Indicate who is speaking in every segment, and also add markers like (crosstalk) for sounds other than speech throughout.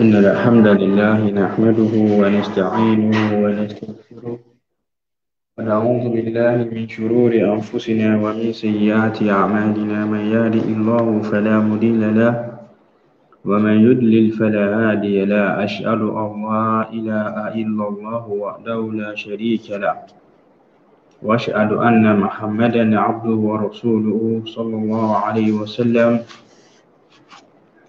Speaker 1: إن الحمد لله نحمده ونستعينه ونستغفره ونعوذ بالله من شرور أنفسنا ومن سيئات أعمالنا من يهده الله فلا مضل له ومن يضلل فلا هادي له أشهد أن لا إله إلا الله وحده لا شريك له وأشهد أن محمدا عبده ورسوله صلى الله عليه وسلم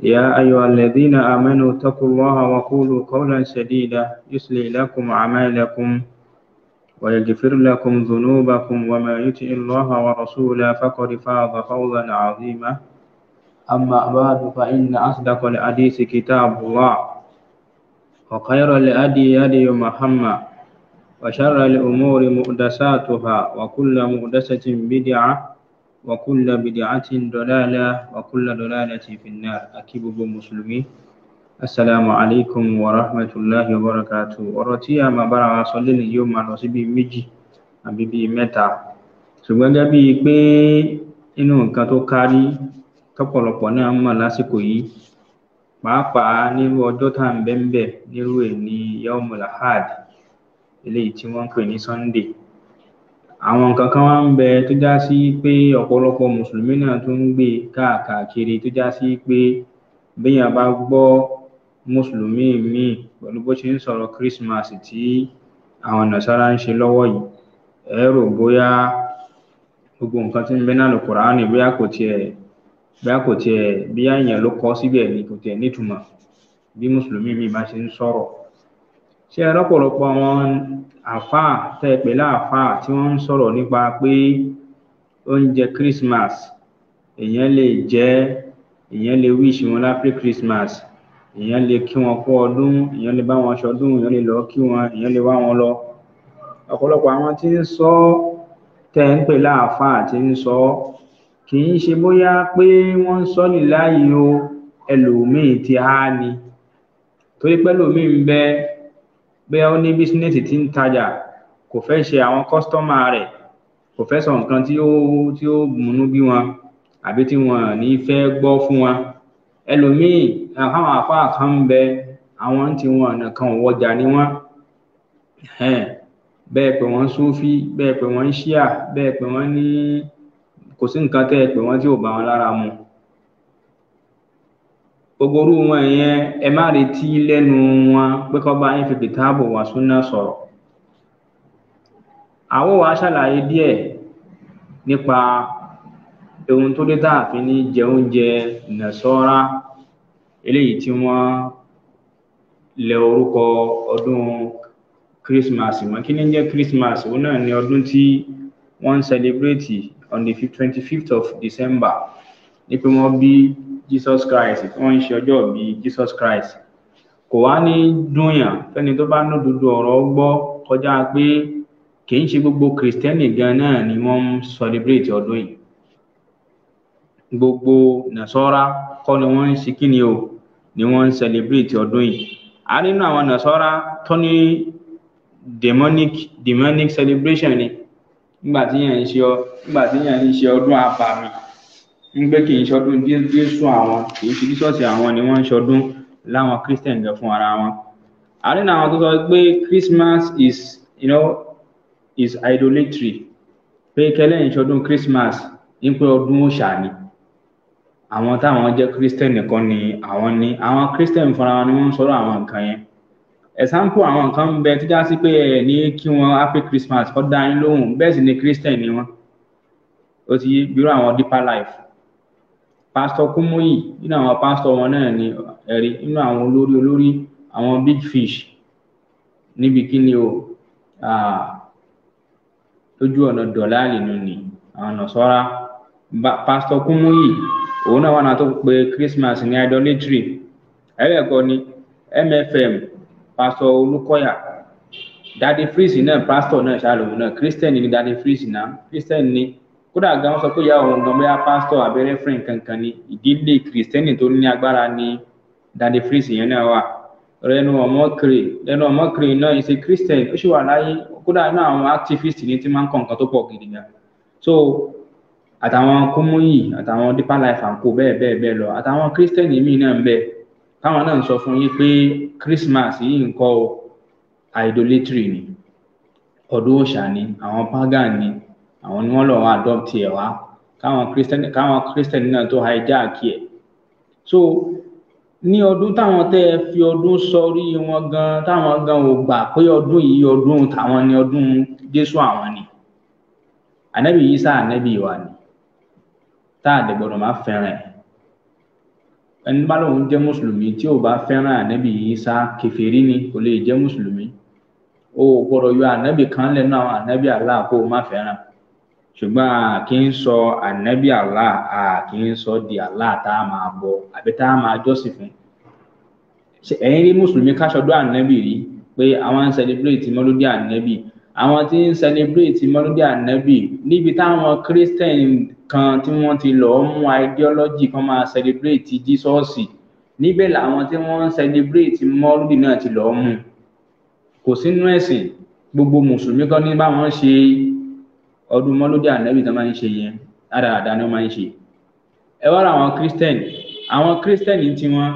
Speaker 1: يا أيها الذين آمنوا اتقوا الله وقولوا قولا سديدا يصلي لكم أعمالكم ويغفر لكم ذنوبكم وما يطع الله ورسوله فقد فاز فوزا عظيما أما بعد فإن أصدق الحديث كتاب الله وخير الهدي هدي محمد وشر الأمور مؤدساتها وكل مؤدسة بدعة وكل بدعة ضلالة وكل ضلالة في النار أكيد مسلمين asalaamu aleykum wa rahmatulahi wa barakatu ọ̀rọ̀ tí a máa bára wa sọ lónìí yóò máa lọ sí bíi méjì àbí bíi mẹ́ta ṣùgbọ́n gẹ́gẹ́ bíi pé inú nǹkan tó kárí tọ́pọ̀lọpọ̀ náà ń mọ̀ lásìkò yìí pàápàá nírú ọjọ́ tá ń bẹ́ńbẹ̀ nírú ẹ̀ ní yaumul eléyìí tí wọ́n ń pè ní sunday àwọn nǹkan kan wá ń bẹ tó já sí pé ọ̀pọ̀lọpọ̀ mùsùlùmí náà tó ń gbé káàkiri tó já sí pé béèyàn bá gbọ́ mùsùlùmí míì pẹ̀lú bó ṣe ń sọ̀rọ̀ Christmas tí àwọn nàṣàrà ń ṣe lọ́wọ́ yìí ẹ rò bóyá ṣe rọpọlọpọ àwọn àáfàá tẹ ẹ pè láàfáà tí wọn ń sọ̀rọ̀ nípa pé oúnjẹ Christmas èèyàn lè jẹ èèyàn lè wish wọn lápẹ Christmas èèyàn lè kí wọn kú ọdún èèyàn lè bá wọn ṣọdún èèyàn lè lọ kí wọn èèyàn lè wá wọn lọ ọ̀pọ̀lọpọ̀ àwọn tí ń sọ tẹ ń pè láàfáà tí ń sọ kì í ṣe bóyá pé wọ́n ń sọ ní láàyè o ẹlòmíín ti há ni torí pé ẹlòmíín ń bẹ bóyá ó ní bísínẹ́sì tí ń tajà kò fẹ́ ṣe àwọn kọ́sítọ́mà rẹ̀ kò fẹ́ sọ nǹkan tí ó tí ó múnú bí wọn àbí tí wọn ní fẹ́ gbọ́ fún wọn ẹlòmíì àwọn àfáà kan ń bẹ àwọn tí wọn nìkan ò wọjà ni wọn bẹ́ẹ̀ pé wọ́n súfí bẹ́ẹ̀ pé wọ́n ń ṣíà bẹ́ẹ̀ pé wọ́n ní kò sí nǹkan tẹ́ ẹ pé wọ́n tí ò bá wọn lára mu gbogbo orú wọn yẹn ẹ má retí lẹ́nu wọn pé kó bá yín fi kìtáàbù wà súnà sọ̀rọ̀ àwọn wàá ṣàlàyé díẹ̀ nípa ohun tó dé táàfin ní jẹ oúnjẹ nàṣọ́ra eléyìí tí wọ́n lẹ orúkọ ọdún Christmas mọ́ kí ni jẹ́ Christmas òun náà ni ọdún tí wọ́n ń celebrate on the twenty fifth of December ní pé wọ́n bí jesus christ tí wọ́n ń ṣe ọjọ́ bíi jesus christ kò wá ní dùnyàn fẹ́ni tó bá ná dodo ọ̀rọ̀ gbọ́ kọjá pé kì í ṣe gbogbo kìrìsìtẹ́nì gan náà ni wọ́n ń celebrate ọdún yìí gbogbo nàṣọ́ra kọ́ ni wọ́n ń ṣe kí ni o ni wọ́n ń celebrate ọdún yìí a nínú àwọn nàṣọ́ra tó ní demonic demonic celebration ni nígbà tí yẹn ń ṣe nígbà tí yẹn ń ṣe ọdún abàmì ń gbé kì í ṣọdún jésù àwọn kì í ṣe bíṣọ́ọ̀sì àwọn ni wọ́n ń ṣọdún láwọn christian gan fún ara wọn àárín àwọn tó sọ pé christmas is you know is idolatry pé kẹlẹ́yìn ṣọdún christmas ń pé ọdún òòṣà ni àwọn táwọn jẹ́ christian nìkan ni àwọn ni àwọn christian fúnra wọn ni wọ́n ń sọ̀rọ̀ àwọn nǹkan yẹn ẹ̀sánpò àwọn nǹkan ń bẹ tó sí pé ẹ̀ ní kí wọ́n happy christmas kọ́ dá yín lóhùn bẹ́ẹ̀ sì ni christian ni wọ́n ó ti yé bírò àwọn deeper life Pastor kúmúyì nínú àwọn pastor wọn náà ni ẹ̀rí nínú àwọn olórí olórí àwọn big fish níbi kí ni o lójú ọ̀nà dọ̀láàlì nù ni àwọn nọ̀sọ́ra pásítọ̀ kúmúyì òun náà wà náà tó pe Christmas ní idolatry ẹlẹ́kọ̀ọ́ ni MFM Pastor Olúkọ̀yà Daddy Freeze náà pásítọ̀ náà ṣàlùwò náà Christian ni Daddy Freeze náà Christian ni kódà gan sọ pé ìyá òun gan bóyá pásítọ abẹrẹ fún nǹkan kan ni ìdílé kìrìsìtẹ́nì tó ní agbára ni dade fris yẹn náà wà rẹnu ọmọkiri rẹnu ọmọkiri náà ìṣe christian ó sì wà láyé kódà inú àwọn activist ni ti máa ń kọ nǹkan tó pọ̀ gidi gan so àtàwọn kúmúyì àtàwọn deeper life and co bẹ́ẹ̀ bẹ́ẹ̀ bẹ́ẹ̀ lọ àtàwọn christian míì náà ń bẹ káwọn náà ń sọ fún yín pé christmas yìí nǹkan idolatry ni ọdún òòṣà ni àwọn pagan ni àwọn ni wọ́n lọ wọn adopt ẹ wá káwọn christian káwọn christian náà tó hijack ẹ so ní ọdún táwọn tẹ fi ọdún sọrí wọn gan táwọn gan ò gbà pé ọdún yìí ọdún táwọn ni ọdún jésù àwọn ni ànábì yìí sá ànábì wa ni tá a dẹ̀ gbọ́dọ̀ máa fẹ́ràn ẹ̀ ẹni bá lóun jẹ́ mùsùlùmí tí ò bá fẹ́ràn ànábì yìí sá kèfèrí ni kò lè jẹ́ mùsùlùmí o gbọ́dọ̀ yọ ànábì kan lẹ́nu àwọn ànábì Allah kó o má fẹ́ràn ṣùgbọ́n a kì í sọ ànábì Allah a kì í sọ di Allah tá a máa bọ àbí tá a máa jọ́sìn fún ẹ̀yin rí mùsùlùmí káṣọdọ́ ànábì rí pé àwọn ń celebrate mọ́lódé ànábì àwọn tí ń celebrate mọ́lódé ànábì níbi táwọn christian kan tí wọ́n ti lọ́ọ́ mú ideology kan máa celebrate jísọ́ọ̀sì níbẹ̀ làwọn tí wọ́n ń celebrate mọ́lódé náà ti lọ́ọ́ mú kò sínú ẹ̀sìn gbogbo mùsùlùmí kan ní báwọn ṣe ọdún mọ́lódé ànábì tó máa ń ṣe yẹn àdáradá ni wọ́n máa ń ṣe ẹ wá ra àwọn christian àwọn christian tí wọ́n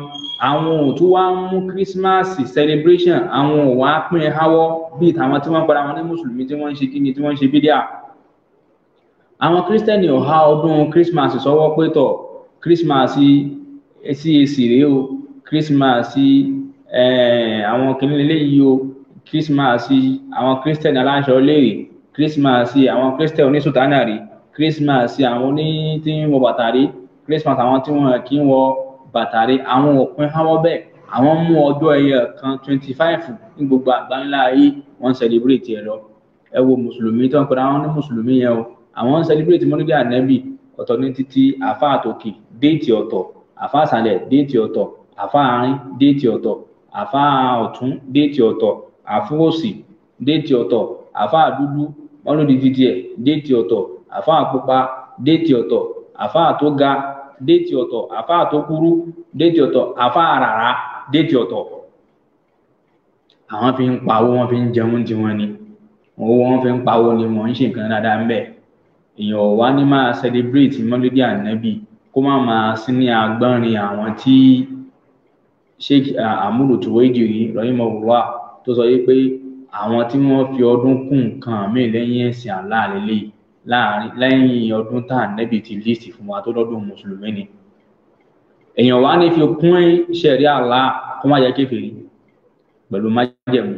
Speaker 1: àwọn ò tún wá mú christmas celebration àwọn ò wá pín in háwọ́ bíi tàwọn tí wọ́n gbára wọn ní mùsùlùmí tí wọ́n ń ṣe kí ni tí wọ́n ń ṣe bídíà àwọn christian ò há ọdún christmas sọ́wọ́ pé tọ̀ christmas sí èsì rèé o christmas eh, àwọn kìnìún eléyìí o christmas àwọn christian aláṣọ léèrè christmas àwọn christian onísùtánà rí christmas àwọn oní tí ń wọ bàtà rí christmas àwọn tí wọn kì í wọ bàtà rí àwọn òpin háwọ bẹ́ẹ̀ àwọn mú ọjọ́ ẹyẹ kan twenty five ní gbogbo àgbáńlá ayé wọn celebrate ẹ lọ ẹ wo mùsùlùmí tó ń pera wọn ní mùsùlùmí yẹn o àwọn ń celebrate mọlúdì ànẹbì ọ̀tọ̀ ní títí àfa àtòkè déètì ọ̀tọ̀ àfa àsàlẹ̀ déètì ọ̀tọ̀ àfa àárín déètì ọ̀tọ̀ àfa ọ̀tún déètì ọ̀tọ̀ àfúròsì déètì ọ̀tọ̀ àfa àdúdú wọn ló di títí ẹ déètì ọ̀tọ̀ àfáà pupa déètì ọ̀tọ̀ àfáà tó ga déètì ọ̀tọ̀ àfáà tó kúrú déètì ọ̀tọ̀ àfáà rárá déètì àwọn fi ń pawó wọn fi ń jẹun tiwọn ni owó wọn fi ń pawó ni wọn ń ṣe nǹkan dáadáa ń bẹ èèyàn ò wá máa celebrate mọlẹdí ànábì kó má máa sí ní agbọnrin àwọn tí sheikh amúlùtúwédìí rọyìn mọ wùwà tó sọ yìí pé àwọn tí wọ́n fi ọdún kún nǹkan míì lẹ́yìn ẹ̀sìn Allah lélẹ̀ láàrin lẹ́yìn ọdún tá ànẹ́bì ti líìsì fún wa tó lọ́dún mùsùlùmí ni èèyàn wá ní fi kún ṣẹ̀rí Allah kó má jẹ́ kéferì pẹ̀lú májẹ̀mú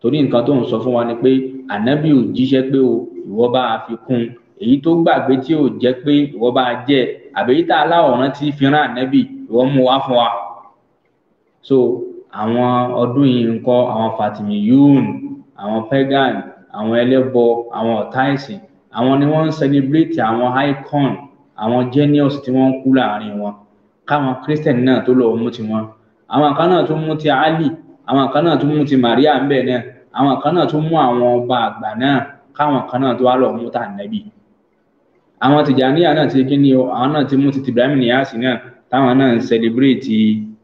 Speaker 1: torí nǹkan tó ń sọ fún wa ni pé ànẹ́bì ò jíṣẹ́ pé o ìwọ bá a fi kún èyí tó gbàgbé tí ò jẹ́ pé ìwọ bá a jẹ́ àbẹ̀yí tá a láwòrán fi rán ànẹ́bì ìwọ mú wá fún wa so àwọn ọdún yìí ńkọ́ àwọn fatimiyun àwọn pagan àwọn ẹlẹ́bọ àwọn ọ̀tá ẹ̀sìn àwọn ni wọ́n ń celebrate àwọn icon àwọn genius tí wọ́n ń kú láàrin wọn káwọn christian náà tó lọ mú tiwọn àwọn kan náà tún mú ti ali àwọn kan náà tún mú ti maria ń bẹ náà àwọn kan náà tún mú àwọn ọba àgbà náà káwọn kan náà tó wá lọ mú tà nẹbi àwọn tìjàníyà náà ti kí ni o àwọn náà ti mú ti tìbírámì níyàsí náà táwọn náà ń celebrate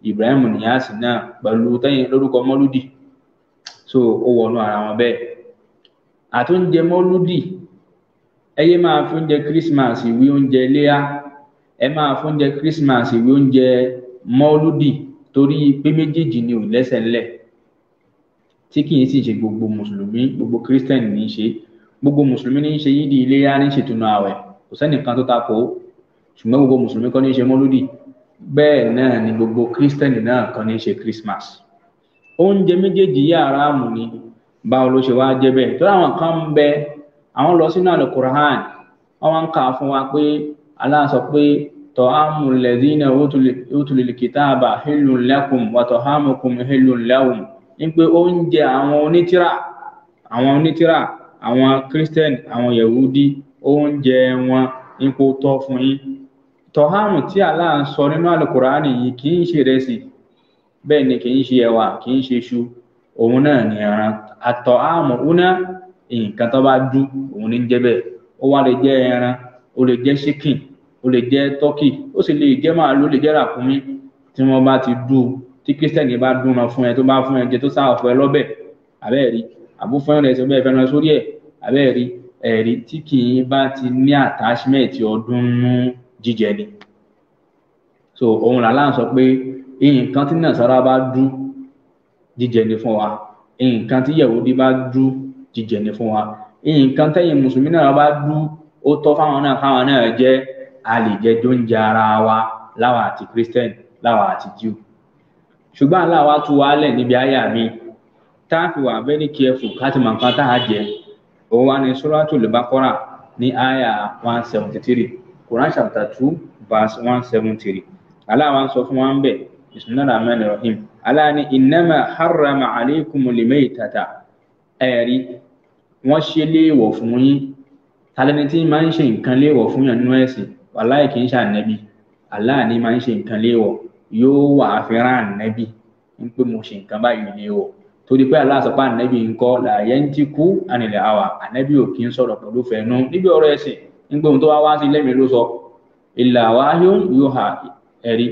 Speaker 1: Ibrahim Niyasi náà pẹ̀lú tẹ́yìn lórúkọ mọ́lúdì so ó wọnú ara wọn bẹ́ẹ̀ àtúnjẹ mọ́lúdì ẹ máa fi Christmas ìwé oúnjẹ léyà ẹ máa fi Christmas ìwé oúnjẹ mọ́lúdì torí pé méjèèjì ni ò lẹ́sẹ̀ ńlẹ̀ tí kì í sì ṣe gbogbo mùsùlùmí gbogbo Christian ní í ṣe gbogbo mùsùlùmí ní í ṣe yídi iléyà ní ṣètùnú ààwẹ̀ kò sẹ́nìkan tó ta kò ṣùgbọ́n gbogbo mùsùlùmí kọ́ ní í ṣe mọ́lúdì bẹ́ẹ̀ náà ni gbogbo kírísítẹ́nì náà kan ní ṣe christmas oúnjẹ méjèèjì yà aráàmù ni báwo ló ṣe wá jẹ́ bẹ́ẹ̀ tó àwọn kan ń bẹ àwọn lọ sínú àlè quran wọn wá ń kà á fún wa pé Allah sọ pé tọ́hámù lẹ́dínà òtúlẹ̀ kìtàbà hílùn lẹ́kùn wàtọ̀hámùkùn hílùn lẹ́wùn ní pé oúnjẹ àwọn onítìrà àwọn onítìrà àwọn kírísítẹ́nì àwọn yẹ̀wúdí oúnjẹ wọn ní kó tọ́ fún yín tọ́hámù tí Allah ń sọ nínú alukurani yìí kì í ṣe ìrẹsì bẹ́ẹ̀ ni kì í ṣe ẹ̀wà kì í ṣe iṣu òun náà ni ẹran àtọ́hámù una nǹkan tó bá dú òun ní jẹ́ bẹ́ẹ̀ ó wá lè jẹ́ ẹran ó lè jẹ́ ṣíkìn ó lè jẹ́ tọ́kì ó sì lè jẹ́ màálù ó lè jẹ́ ràkúnmí tí wọ́n bá ti dú tí kírísítẹ́nì bá dún wọn fún ẹ tó bá fún ẹ jẹ tó sáà fún ẹ lọ́bẹ̀ àbẹ́ẹ̀rí àbúfún rẹ̀ sọ bẹ́ẹ̀ fẹ́ràn ẹ̀ àbẹ́ẹ̀rí ẹ̀rí tí kì í bá ti ní attachment ọdún nú jíjẹ ni so òun làlá ń sọ pé nǹkan tí nàṣàrà bá dún jíjẹ ni fún wa nǹkan tí Yẹhudi bá dún jíjẹ ni fún wa nǹkan tẹ̀yin mùsùlùmí náà bá dún ó tọ́ fáwọn náà fáwọn náà jẹ a lè jẹ jóúnjẹ ara wa láwa àti christian láwa àti jew ṣùgbọ́n aláwa tú wa lẹ̀ níbi àyà mi tá a fi wà very careful ká ti mọ nǹkan tá a jẹ òun wà ní Suratul Baqara ní àyà one seventy three. Quran chapter two verse one seven three Allah wa sọ fún wa ń bẹ̀ bisimilahi rahman rahim Allah ni innama harrama alaykum limaytata ẹ̀rí wọ́n ṣe léèwọ̀ fún yín talẹ́ni tí máa ń ṣe nǹkan léèwọ̀ fún yàn nínú ẹ̀sìn wàláì kì í ṣànẹ́bí Allah ni máa ń ṣe nǹkan léèwọ̀ yóò wà á fi rán ànẹ́bí ń pé mo ṣe nǹkan báyìí léèwọ̀ torí pé Allah sọ ànẹ́bí ń kọ́ la yantiku anil hawa ànẹ́bí ò kì í sọ̀rọ̀ pẹ̀lú fẹ́nu níbi ọ̀rọ̀ ẹ̀sìn nígbà ohun tó wá wá sí lẹ́mìí ló sọ ìlà wáyó yóò hà ẹ̀rí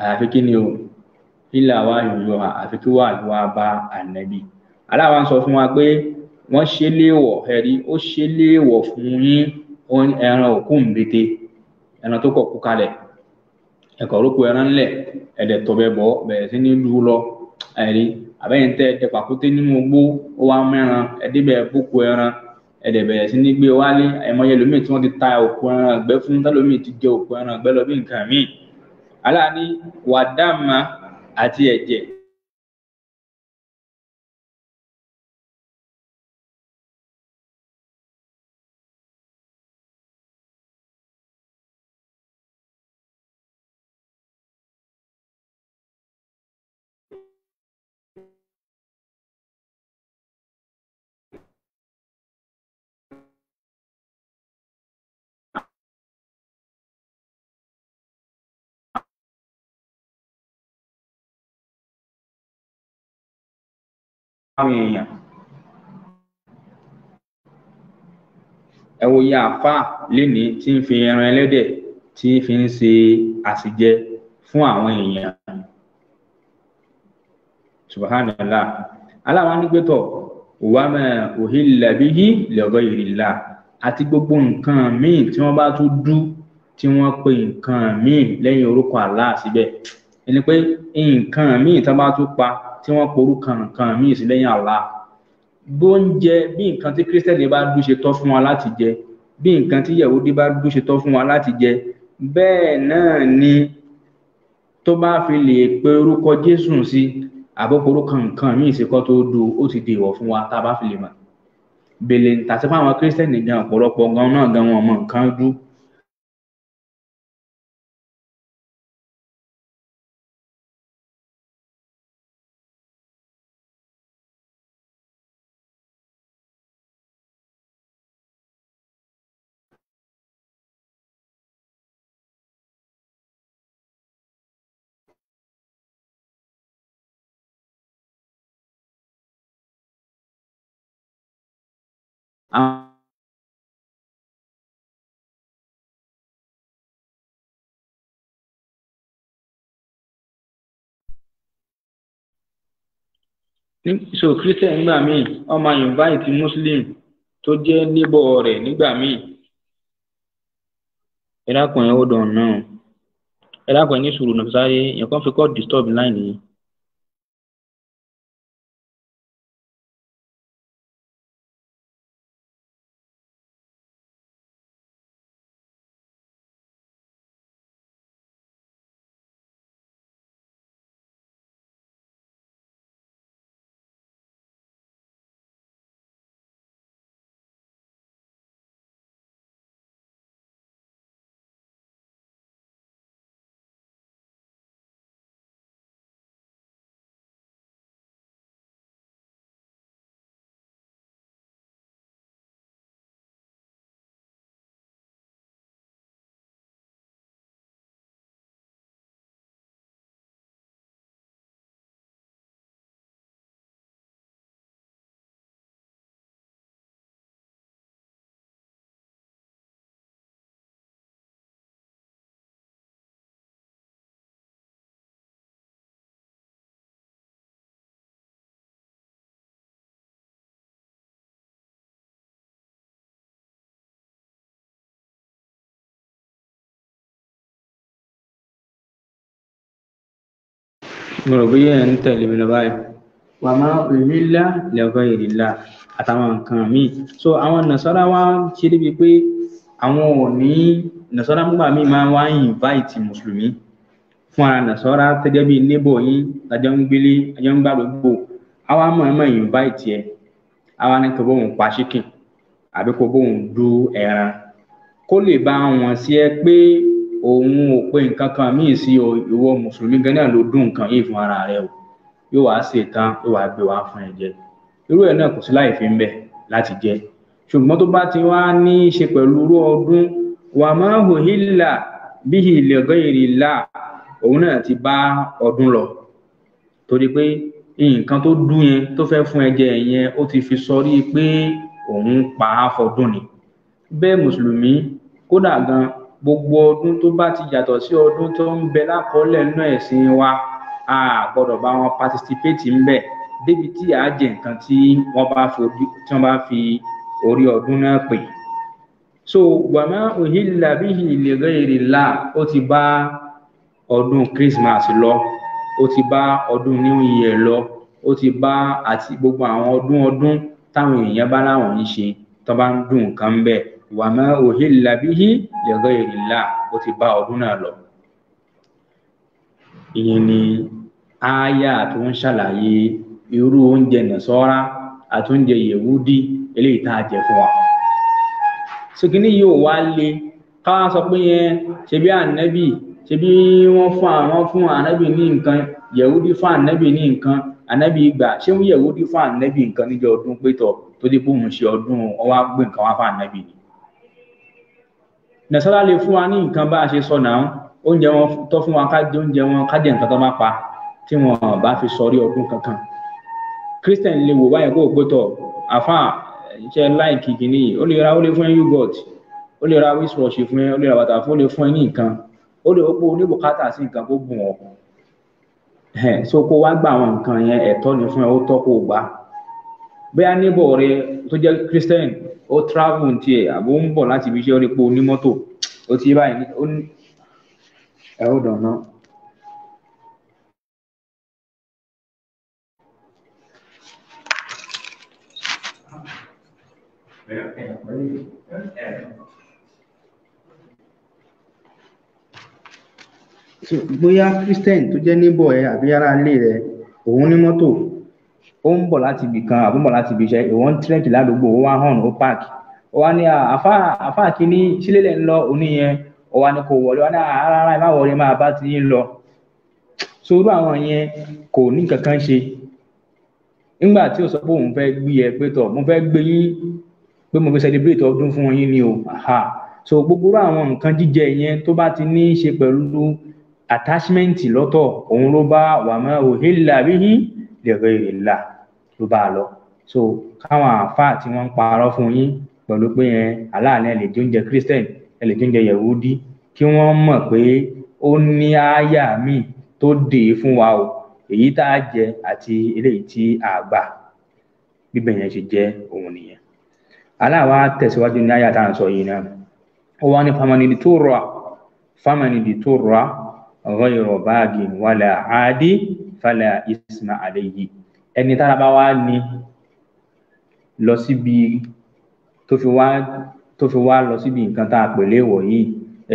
Speaker 1: àyàfi kí ni o ìlà wáyó yóò hà àfi kí wàá wá bá ànábì aláwa ń sọ fún wa pé wọ́n ṣe léèwọ̀ ẹ̀rí ó ṣe léèwọ̀ fún yín ẹran òkú ńbete ẹran tó kọ̀ kú kalẹ̀ ẹ̀kọ́ ló kó ẹran ńlẹ̀ ẹ̀dẹ̀ tọ̀bẹ̀ bọ̀ bẹ̀rẹ̀ sí ní lu lọ ẹ̀rí àbẹ́yẹn tẹ́ ẹ pàkúté nínú ogbó ó wá mẹ́ran ẹ̀dẹ́bẹ̀ bókú ẹran ẹ̀dẹ̀ bẹ̀rẹ̀ sí ní gbé wálé àìmọye ẹlòmíì tí wọ́n ti ta òkú ẹran ọ̀gbẹ́ fún tẹ́lómìí ti jẹ òkú ẹran ọ̀gbẹ́ lọ bí nǹkan míì aláàní wàdámà àti ẹ̀jẹ̀ àwọn èèyàn ẹ wo iye àáfàá lénìí tí ń fi ẹran ẹlẹ́dẹ̀ tí ń fi ń ṣe àṣìjẹ fún àwọn èèyàn subhanallah aláwa nígbẹ́tọ̀ wàmẹ òhìlẹ̀bíyí lẹ̀rọ ìrìlá àti gbogbo nǹkan míì tí wọ́n bá tún dú tí wọ́n pe nǹkan míì lẹ́yìn orúkọ Allah síbẹ̀ ẹni pé nǹkan míì tán bá tún pa tí wọ́n porúkọ nǹkan míì sí lẹ́yìn Allah bóúnjẹ bí nǹkan tí kírísítẹ́nì bá dùn tọ́ fún wa láti jẹ bí nǹkan tí yahudi bá dùn tọ́ fún wa láti jẹ bẹ́ẹ̀ náà ni tó bá fi lè pe orúkọ jésù sí àbọ̀porúkọ nǹkan míì sí kọ́ tó do ó ti dèwọ̀ fún wa tá a bá fi lè mọ̀ bèlè tàṣí fún àwọn kírísítẹ́nì gan ọ̀pọ̀lọpọ̀ gan náà gan wọn mọ nǹkan dùn so christian gbà míì wọn máa invite muslim tó jẹ́ neighbor rẹ̀ nígbà míì ẹ dákun ẹ hold on now ẹ dákun ẹ ní sùúrù nàfẹsàrẹ yẹn kàn fi kọ disturb line yìí. mo rò bóyá ẹ̀ ń tẹ̀lé mi lọ báyìí wà má òmìnira lẹ́gbẹ́ ìrìnlá àtàwọn nǹkan míì so àwọn nàṣọ́ra wa ṣe débi pé àwọn ò ní nàṣọ́ra nígbà míì máa wá invite mùsùlùmí fún ara nàṣọ́ra tẹ́gẹ́ bíi neighbor yín lájọ́ ń gbélé lájọ́ ń gbàdúgbò àwa máa máa invite ẹ àwa ní kò bóun pa chicken àbí kò bóun du ẹran kó lè bá wọn sí ẹ pé òun ò pe nǹkan kan míì sí o ìwọ mùsùlùmí gan náà ló dún nǹkan yìí fún ara rẹ o yóò wá ṣe tán yóò wá gbé wá fún ẹ jẹ irú ẹ náà kò sí láì fi ń bẹ láti jẹ ṣùgbọ́n tó bá ti wá ní í ṣe pẹ̀lú irú ọdún wà máa hù hílà bí ìlẹgàn ìrìlà òun náà ti bá ọdún lọ torí pé nǹkan tó dún yẹn tó fẹ́ fún ẹjẹ yẹn ó ti fi sọrí pé òun pa á fọdún ni bẹ́ẹ̀ mùsùlùmí kódà gan gbogbo ọdún tó bá ti yàtọ̀ sí ọdún tó ń bẹ lákọọ́lẹ̀ nínú ẹ̀sìn wa a gbọ́dọ̀ bá wọn participate ń bẹ̀ débi tí a jẹ nǹkan tí wọ́n bá fi orí ọdún náà pè so wàmọ́ òhìlà bíhì lè rẹ́ẹ̀rẹ̀ là ó ti bá ọdún Christmas lọ ó ti bá ọdún New Year lọ ó ti bá àti gbogbo àwọn ọdún ọdún táwọn èèyàn bá láwọn ń ṣe tó bá ń dùn nǹkan bẹ́ẹ̀ wà má uhilla bihi li ghayrillah ó ti bá ọdún náà lọ ìyẹn ni ááyà tó ń ṣàlàyé irú oúnjẹ nàṣọ́ra àti oúnjẹ yẹ̀wúdí eléyìí tá a jẹ fún wa sìkìní yìí ò wá le ká sọ pé yẹn ṣebí ànábì ṣebí wọ́n fún àwọn fún ànábì ní nǹkan yẹ̀wúdí fún ànábì ní nǹkan ànábì gbà ṣé ń yẹ̀wúdí fún ànábì nǹkan níjọ ọdún pétọ tó dé pé ṣe ọdún ọwọ́ gbé wá fún ànábì ni nàṣàlá lè fún wa ní nǹkan bá a ṣe sọ náà oúnjẹ wọn tọ́ fún wa ká jẹ oúnjẹ wọn ká jẹ nǹkan tó bá pa tí wọn bá fi sọrí ọdún kankan christian lè wò báyìí kó o gbótọ àfa ṣe láìkì kìíní ó lè ra ó lè fún ẹ yúgọt ó lè ra wíṣọọṣì fún ẹ ó lè ra bàtà fún ó lè fún ẹ ní nǹkan ó lè pọ oníbùkátà sí nǹkan kó bùn ọ so kó wá gba àwọn nǹkan yẹn ẹ̀tọ́ ni fún ẹ ó tọ́ kó o gbà bóyá níbọ̀ rẹ tó jẹ́ christian ó travel ní tiẹ̀ àbó ń bọ̀ láti ibi iṣẹ́ ó rí pé onímọ́tò ó ti báyìí ó ní ẹ ó dànù. bóyá christian tó jẹ́ níbọ̀ ẹ àbí ará ilé rẹ òun ní mọ́tò ó ń bọ̀ láti ibì kan àbúbọ̀ láti ibi iṣẹ́ ìwọ̀n tírẹ̀kì ládùúgbò ó wá hàn ó park ó wá ní àfa àfa kínní sílélẹ̀ ń lọ òní yẹn ó wá ní kò wọlé wá ní ara ara ẹ má wọlé máa bá ti yín lọ sorú àwọn yẹn kò ní kankan ṣe nígbà tí ó sọ pé òun fẹ́ gbé ẹ pé tọ̀ mo fẹ́ gbé yín pé mo fẹ́ celebrate ọdún fún yín ni o aha so gbogbo àwọn nǹkan jíjẹ yẹn tó bá ti ní í ṣe pẹ̀lú attachment lọ́tọ̀ òun ló bá wàmọ́ òhìlà bíyí lè rè é là ló bá a lọ so káwọn àáfàá tí wọ́n ń parọ́ fún yín pẹ̀lú pé ẹ aláàánú ẹ lè jẹ oúnjẹ christian ẹ lè jẹ oúnjẹ yahudi kí wọ́n mọ̀ pé ó ní àyà míì tó dè é fún wa o èyí tá a jẹ àti eléyìí tí a gbà bíbẹ̀ yẹn ṣe jẹ́ òun nìyẹn aláwa tẹ̀síwájú ní àyà tá à ń sọ yìí náà ó wá ní famanidi tó rọ famanidi tó rọ ghayra bagin wala adi fala isma alayhi ẹni tára bá wá ní lọ síbi tó fi wá tó fi wá lọ síbi nǹkan tá a pè léèwọ̀ yìí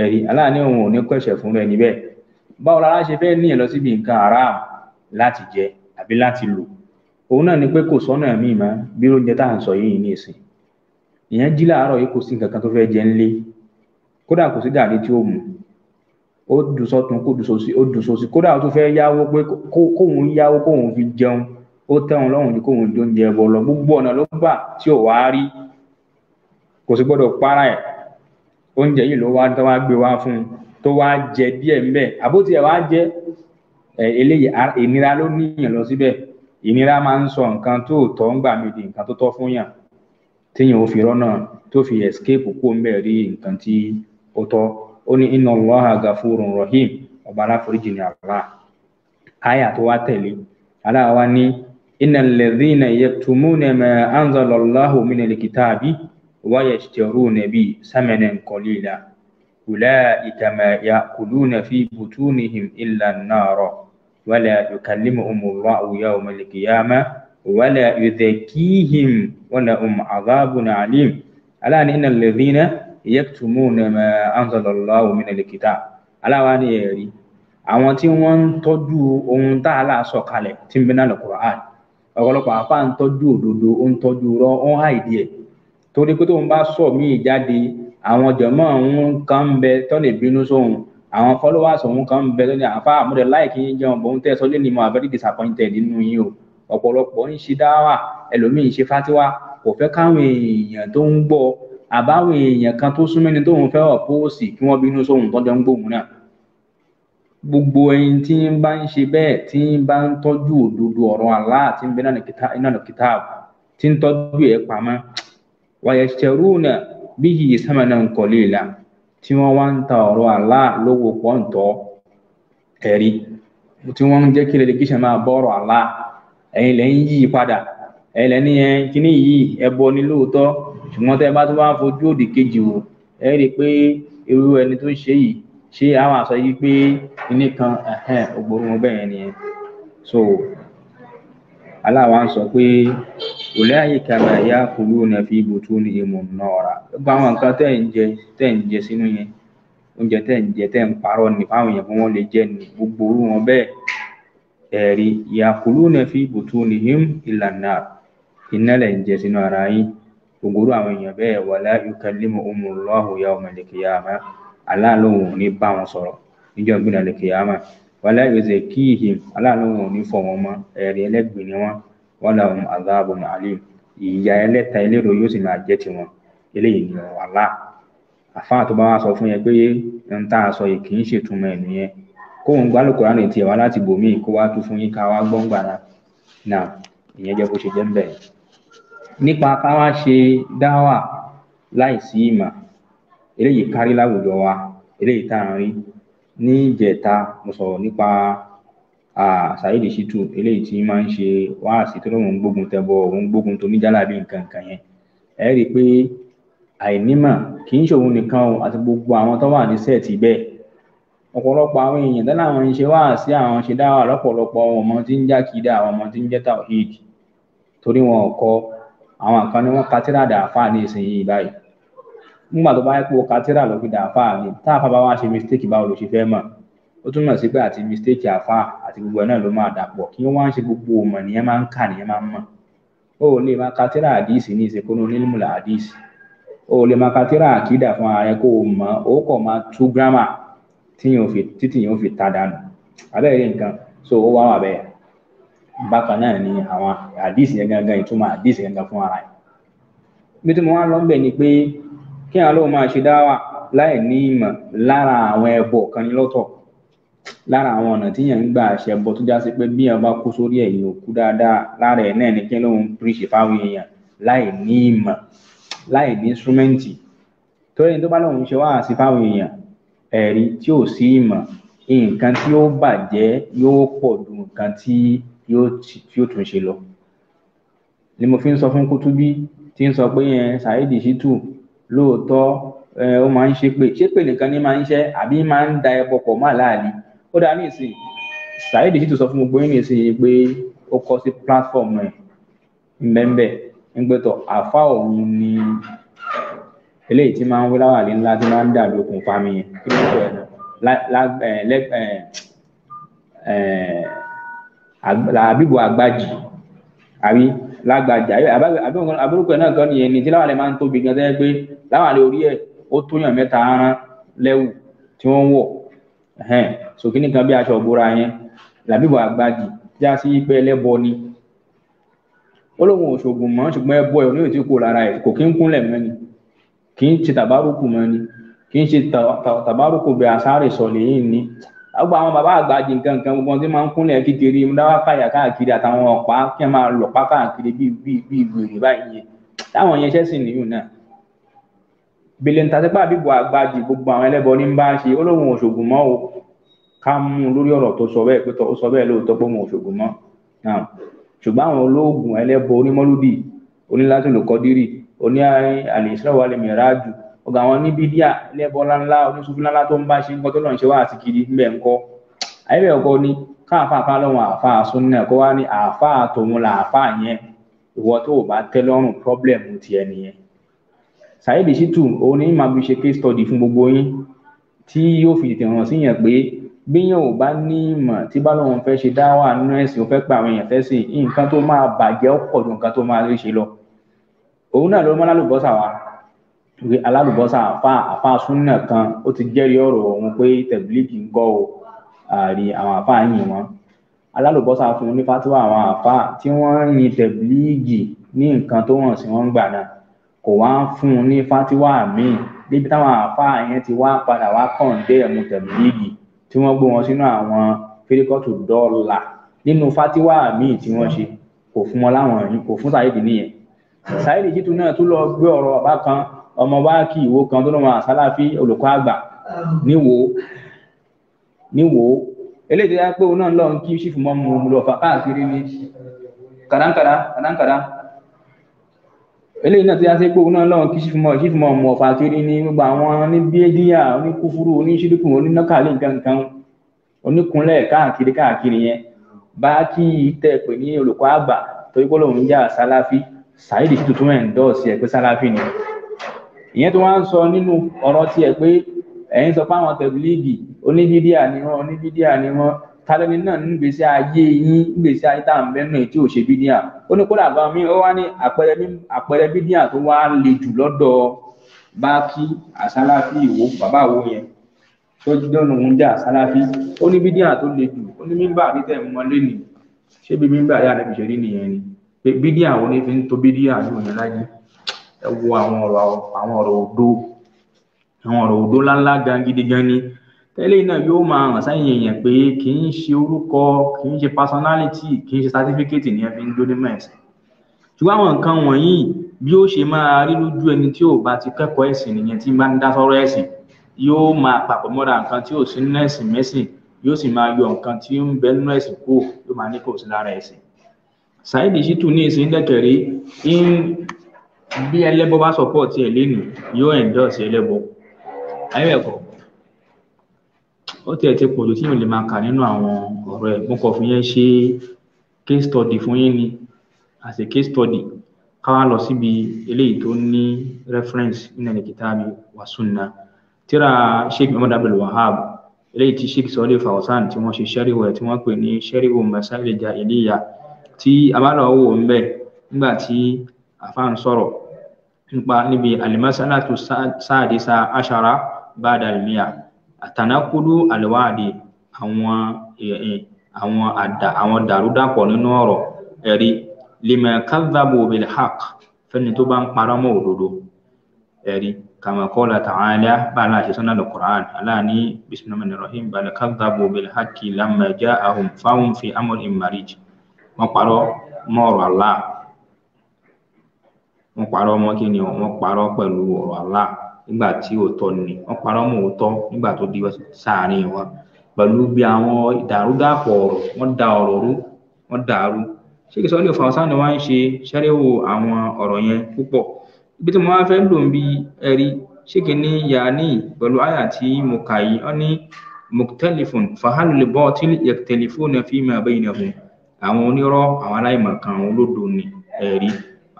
Speaker 1: ẹ̀rí aláàánú òun ò ní kọ̀ṣẹ̀ fún rẹ níbẹ̀ báwo lára ṣe fẹ́ ní lọ síbi nǹkan haram láti jẹ àbí láti lò òun náà ni pé kò sọ́nà míì mọ́ bí oúnjẹ tá à ń sọ yìí ní ìsìn ìyẹn jí làárọ̀ yìí kò sí nǹkan kan tó fẹ́ jẹ ńlé kódà kò sí gàrí tí ó mú ó dùn sọ́tún kó dùn sósì kódà ó tún fẹ́ yáwó pé kóun yáwó kóun fi jẹun ó tẹ́wọn lọ́rùn ní kóun jó lọ gbogbo ọ̀nà ló gbà tí ò wá rí kò sí gbọ́dọ̀ para ẹ̀ oúnjẹ yìí ló wá tó wá gbé wá fún un tó wá jẹ díẹ̀ ńbẹ̀ àbótiẹ wá jẹ eléyìí ìnira ló níyàn lọ síbẹ̀ ìnira máa ń sọ nǹkan tó tọ́ ń gbà mí di nǹkan tó tọ́ fún yàn téèyàn ò fi rọ́nà tó ni àyà tó wá tẹ̀lé aláwa ní innal ladhina yaktumuna ma anzala Allahu minal kitabi wa yashtaruna bi samanan qalila ulaika ma ya'kuluna fi butunihim illa an-nara wa la yukallimuhum Allahu yawmal qiyamah wa la yudhakkihim wa lahum 'adhabun 'alim ala ni innal ladhina yaktumuna ma anzala Allahu minal kitab ala wa ni ẹ̀rí àwọn tí wọ́n tọ́jú ohun tá a la sọ kalẹ̀ tí na al ọ̀pọ̀lọpọ̀ àfa ń tọ́jú òdodo ó ń tọ́jú rọ ó ń hàìdí ẹ̀ torí pé tóun bá sọ míì jáde àwọn jọ̀mọ́ òun kan ń bẹ tó lè bínú sóhun àwọn followers òun kan ń bẹ tó lè àfa àmúdẹ láìkí yín jẹun bòun tẹ́ sọ lé ní mo àbẹ́rẹ́ disappointed nínú yín o ọ̀pọ̀lọpọ̀ ń ṣe dáwà ẹlòmíì ń ṣe fátíwá kò fẹ́ káwọn èèyàn tó ń gbọ́ àbáwọn èèyàn kan tó súnmẹ́ni tóun fẹ́ ọ̀pọ̀ òsì kí wọ́n bínú sóhun tọ́jọ́ ń gbóhun náà gbogbo ẹni tí ń bá ń ṣe bẹ́ẹ̀ tí ń bá ń tọ́jú òdodo ọ̀rọ̀ Allah tí ń bẹ nínú kìtáàbù tí ń tọ́jú ẹ̀ pamọ́ wayashtaruna bihi samanan qalila tí wọ́n wá ń ta ọ̀rọ̀ Allah lówó pọ́ǹtọ́ ẹ̀rí tí wọ́n ń jẹ́ kí lẹ́dẹ̀kíṣẹ́ máa bọ́rọ̀ Allah ẹ̀yin lẹ́yìn yí padà ẹ̀yin lẹ́ni ẹ̀ kíní yìí ẹbọ ni lóòótọ́ ṣùgbọ́n tẹ́ bá tó bá fojú òdì kejì wò ẹ̀ rí i pé irú ẹni tó ń ṣe yìí ṣé àwọn àṣọ yìí pé kinní kan ògbóròmọ bẹ́ẹ̀ nìyẹn so aláwa ń sọ pé òláyè kàmá ya kúlú nàfi ibùtú ní ìmù nọ́ọ̀ra gbogbo àwọn nǹkan tẹ́ ń jẹ tẹ́ ń jẹ sínú yẹn oúnjẹ tẹ́ ń jẹ tẹ́ ń parọ́ ní fáwọn èèyàn fún wọn lè jẹ ní gbogbo orú wọn bẹ́ẹ̀ ẹ̀rí ya kúlú nàfi ibùtú ní ìmù ìlànà iná ń jẹ sínú ara yín gbogbo orú àwọn èèyàn bẹ́ẹ̀ wala yukallimuhumullahu yawmal qiyamah aláàlóhùn ò ní bá wọn sọ̀rọ̀ níjọ́ gbìnà lè kíyàmà wàlá ìrẹsẹ kíhì aláàlóhùn ò ní fọ wọn mọ́ ẹ̀rí ẹlẹ́gbìn ni wọn wọn làwọn azabun alim ìyà ẹlẹ́ta ẹlẹ́rọ yóò sì máa jẹ́ wọn eléyìí ni wàhálà àfáà tó bá sọ fún yẹn pé ń tá a sọ yìí kì í ẹ̀ nìyẹn wá láti fún yín ká wá náà ìyẹn jẹ́ bó ṣe jẹ́ ń bẹ̀. nípa ká wá ṣe dáwà eléyìí kárí láwùjọ wa eléyìí tá à ń rí ní ìjẹta mo sọ̀rọ̀ nípa Saheed Shittu eléyìí tí máa ń ṣe wáàsí tó lóun gbógun tẹbọ òun gbógun tó níjàlábí nǹkan nǹkan yẹn ẹ rí i pé àìnímọ̀ kì í ṣòun nìkan o àti gbogbo àwọn tó wà ní sẹ́ẹ̀tì bẹ́ẹ̀ ọ̀pọ̀lọpọ̀ àwọn èèyàn tó láwọn ń wáàsí àwọn ṣe dá wà lọ́pọ̀lọpọ̀ àwọn ọmọ tí ń já kiri àwọn ọmọ tí ń jẹ́ tawhid torí wọn ò kọ àwọn kan ni wọ́n ka tíráàdà àfáà ní ìsinyìí báyìí nígbà tó bá yẹ kó katira lọ fi dà àfa mi tá àfa bá wá ṣe mistake báwo ló ṣe fẹ́ mọ̀ ó tún mọ̀ sí pé àti mistake àfa àti gbogbo ẹ̀ náà ló máa dàpọ̀ kí wọ́n wá ń ṣe gbogbo ọmọ nìyẹn máa ń kà nìyẹn máa ń mọ̀ ó lè máa katira àdìsí ní ìṣekúnú nílùmùlà àdìsí ó lè máa katira àkídà fún ààrẹ kó o mọ̀ ó kọ̀ máa tú gírámà títì yóò fi ta dànù abẹ́rẹ́ nǹkan so ó wá wà bẹ́ẹ̀ bákan náà ni àwọn àdìsí yẹn gangan ìtumọ̀ àdìsí yẹn gangan fún ara yẹn bí tí mo wá lọ ń bẹ̀ ni pé kí àwọn lóun máa ṣe dáwà láì ní ìmọ̀ lára àwọn ẹbọ kan ní lọ́tọ̀ lára àwọn ọ̀nà tíyẹn ń gbà ṣẹbọ tó já sí pé bí ẹ bá kú sórí ẹ̀yìn òkú dáadáa lára ẹ̀ náà ni kí lóun píríṣì fáwọn èèyàn láì ní ìmọ̀ láì ní instrumenti torí tó bá lóun ṣe wáhà sí fáwọn èèyàn ẹ̀rí tí ò sí ìmọ̀ nǹkan tí ó bàjẹ́ yóò pọ̀ ju nǹkan tí yóò tún ṣe lọ ni mo fi ń sọ fún Kútúbí tí ń sọ pé yẹn Saheed Shittu lóòótọ́ ó máa ń ṣépè ṣépè nìkan ní máa ń ṣe àbí máa ń da ẹbọ pọ̀ mọ́ àláàlì ó dáa ní ìsìn Saheed sì tún sọ fún gbogbo yín ní ìsìn yìí pé ó kọ sí platform ẹ̀ mbẹ́mbẹ́ ńgbẹ́tọ̀ àfa òun ni eléyìí tí máa ń wí láwàlí ńlá tí máa ń dàbí okùn fami yẹn kí ló ń sọ ẹ̀ náà àbíbo àgbájì àbí lágbàjà àbúrúkọ náà kan nìyẹn ní tí láwàlí máa ń tóbi gan tẹ́lẹ̀ pé láwàárín orí ẹ̀ ó tóyàn mẹ́ta rán lẹ́wù tí wọ́n ń wọ̀ sòkè nìkan bí aṣọ òbora yẹn làbíbọ̀ àgbàdì tí a sì pé ẹlẹ́bọ ni ó lóun ò ṣògùn mọ́ ṣùgbọ́n ẹbọ ẹ̀ oníwèé tí kò lára ẹ̀ kò kí ń kúnlẹ̀ mọ́ ni kì í ṣe tàbárùkù mọ́ ni kì í ṣe tàbárùkù bẹ́ẹ̀ àṣàrè sọ̀lẹ̀ yìí ni àgbà àwọn bàbá àgbàdì nǹkan nǹkan gbogbo tí máa ń kúnlẹ̀ kékeré múdáwá káyà káàkiri àtàwọn ọ̀pá kí wọ́n máa lọ̀pá káàkiri bíi bíi báyìí táwọn yẹn ṣẹ́sìn nìyí náà bẹ̀lẹ̀ ntàtẹ́pá àbíbò àgbàjì gbogbo àwọn ẹlẹ́bọ ní bá ń ṣe ó lóun òṣògùn mọ́ o ká mú un lórí ọ̀rọ̀ tó sọ bẹ́ẹ̀ pé ó sọ bẹ́ẹ̀ lóòótọ́ pé òun òṣògùn mọ́ ṣùgbọ́n àwọn olóògùn ẹlẹ́bọ onímọ́lúdì onílátìlùkọ́dírì oní àlèṣẹ́ wà lè mìíràn jù ọ̀gá àwọn níbi díà ẹlẹ́bọ ńláńlá oníṣùfún ńláńlá tó ń bá ṣe ń kọ́ tó lọ́n ṣe ni ìwọ tó o bá tẹ́ lọ́rùn pírọ́blẹ̀mù tiẹ̀ nìyẹn Saheed Shittu òun ni màá fi ṣe case study fún gbogbo yín tí yóò fi tètè hàn síyàn pé bíyàn ò bá ní ìmọ̀ tí bá lóun fẹ́ ṣe dá wà nínú ẹ̀sìn ò fẹ́ pa àwọn èèyàn fẹ́sìn nǹkan tó máa bàjẹ́ ọ̀pọ̀ ju nǹkan tó máa ṣe lọ òun náà ló mọ́ lálùbọ́sà wa pé alálùbọ́sà àfa àfa súnà kan ó ti jẹ́rìí ọ̀rọ̀ òun pé tẹ̀bílíìkì ń gọ́ o àrí àwọn àfa yìn wọn alálùbọ́sà fún un ní fatiwa àwọn àfa tí wọ́n yin tẹ̀bílíìkì ní nǹkan tó hàn sí wọn gbà náà kò wá ń fún un ní fátíwá míì níbi táwọn àáfàá yẹn ti wá padà wá kàn dé ẹ̀mú tẹ̀bílíìgì tí wọ́n gbé wọn sínú àwọn fíríkọ́tù dọ́là nínú fátíwá míì tí wọ́n ṣe kò fún wọn láwọn yìí kò fún Saheed nìyẹn Saheed Jittu náà tún lọ gbé ọ̀rọ̀ bàbá kan ọmọ wáàkì ìwó kan tó lọ́wọ́ àsálàfí olùkọ́ àgbà níwò níwò eléyìí tó yá pé òun náà lọ ń kí ṣìfù mọ́ mu lọ fà káàkiri ní kàdánkàdá kàdánkàdá eléyìí náà tó yá sí pé òun náà lọ́run kí sífùmọ̀ sífùmọ̀ mọ̀ ọ̀fà kiri ní gbogbo àwọn oníbíédíà oníkúfúrú oníṣídùkù onínàkàlì nǹkankan oníkunlẹ̀ káàkiri káàkiri yẹn bá kí tẹ̀ pé ní olùkọ́ àgbà torí pé lòun jà sáláfí Saheed sì tuntun ẹ̀ ń dọ́ọ̀sì ẹ̀ pé sáláfí ni ìyẹn tó wá ń sọ nínú ọ̀rọ̀ tiẹ̀ pé ẹ̀yin sọ pé àwọn tẹ̀bílíìgì oníbídíà ni wọ́n oníbídíà ni wọ́n talẹni náà ní gbèsè ayé yín gbèsè ayé tá à ń bẹnu ètí ò ṣe bídíà ó ní kódà gan mi ó wá ní àpẹẹrẹ bídíà tó wá le jù lọ́dọ̀ báàkì àsálàfí ìwò bàbá àwo yẹn tó dọ̀nù ń dà àsálàfí ó ní bídíà tó le jù ó ní mímbà àti tẹ̀ mọ́ lẹ́nìí ṣé bí mímbà yà lẹ́bi ṣe rí nìyẹn ni pé bídíà wo ni fi ń tó bídíà ní òyìn láyé ẹ wo àwọn ọ̀rọ̀ òdo àwọn ọ̀rọ̀ òdo ńláńlá gan gan ni tẹ́lẹ̀ náà yóò máa hàn sáyìn èèyàn pé kì í ṣe orúkọ kì í ṣe personality kì í ṣe certificate ni ẹ fi ń dóní mẹ́sìn ṣùgbọ́n àwọn nǹkan wọ̀nyí bí ó ṣe máa rí lójú ẹni tí ò bá ti kẹ́kọ̀ọ́ ẹ̀sìn nìyẹn tí bá ń dá sọ́rọ̀ ẹ̀sìn yóò máa papọ̀ mọ́ra nǹkan tí ò sí nínú ẹ̀sìn mẹ́sìn yóò sì máa yọ nǹkan tí ń bẹ nínú ẹ̀sìn kú yóò máa ní kò sí lára ẹ̀sìn Saheed Shittu ní ìsìn dẹ́kẹ̀rí bí ẹlẹ́bọ bá sọ̀pọ̀ tiẹ̀ lénìí yóò endorse ẹlẹ́bọ ayẹ́wẹ̀kọ̀ọ́ ó tiẹ̀ ti pọ̀ jù tí yóò lè máa kà nínú àwọn ọ̀rọ̀ ẹ̀ mo kàn fi yẹn ṣe case study fún yín ni as a case study ká wá lọ síbi eléyìí tó ní reference nínú ẹ̀nì kìtàbí wa sunna tíra sheikh muhammad abdul wahab eléyìí tí sheikh sọ́ọ́lì fawzan tí wọ́n ṣe sẹ́ríwò ẹ̀ tí wọ́n pè ní sẹ́ríwò masáìlì jahiliya tí a bá lọ wò ń bẹ̀ nígbà tí àfa ń sọ̀rọ̀ nípa níbi alimasalatu sáàdìsá ashara bá dàlmíyà tanakulu alwaadi àwọn àwọn àwọn dàrúdàpọ nínú ọrọ ẹrí lima kadhabu bilhaq fẹni tó bá ń parọ mọ òdodo ẹrí kama qala ta'ala bá aláà ṣe sọnà al-Qur'an aláà ní bismillahir rahim bal kadhabu bilhaqqi lamma ja'ahum fi amrin marij wọn parọ mọ ọrọ aláà wọn parọ mọ kí ni wọn parọ pẹ̀lú ọrọ aláà nígbà tí òótọ́ ni wọ́n parọ́ mọ́ òótọ́ nígbà tó di sáàárín wa pẹ̀lú bí àwọn ìdàrúdàpọ̀ ọ̀rọ̀ wọ́n da ọ̀rọ̀ rú wọ́n dàrú ṣéèkì sọ́ọ́lì Fawzān ni wọ́n ń ṣe ṣẹ́ríwò àwọn ọ̀rọ̀ yẹn púpọ̀ ibi tí mo máa fẹ́ lò ń bí ẹ̀rí ṣéèkì ní yaani pẹ̀lú àyà tí mo kà yìí wọ́n ní muktalifun fahalu lè bọ́ tí yaktalifuna fima baynahum àwọn onírọ́ àwọn aláìmọ̀kan olódo ni ẹ̀rí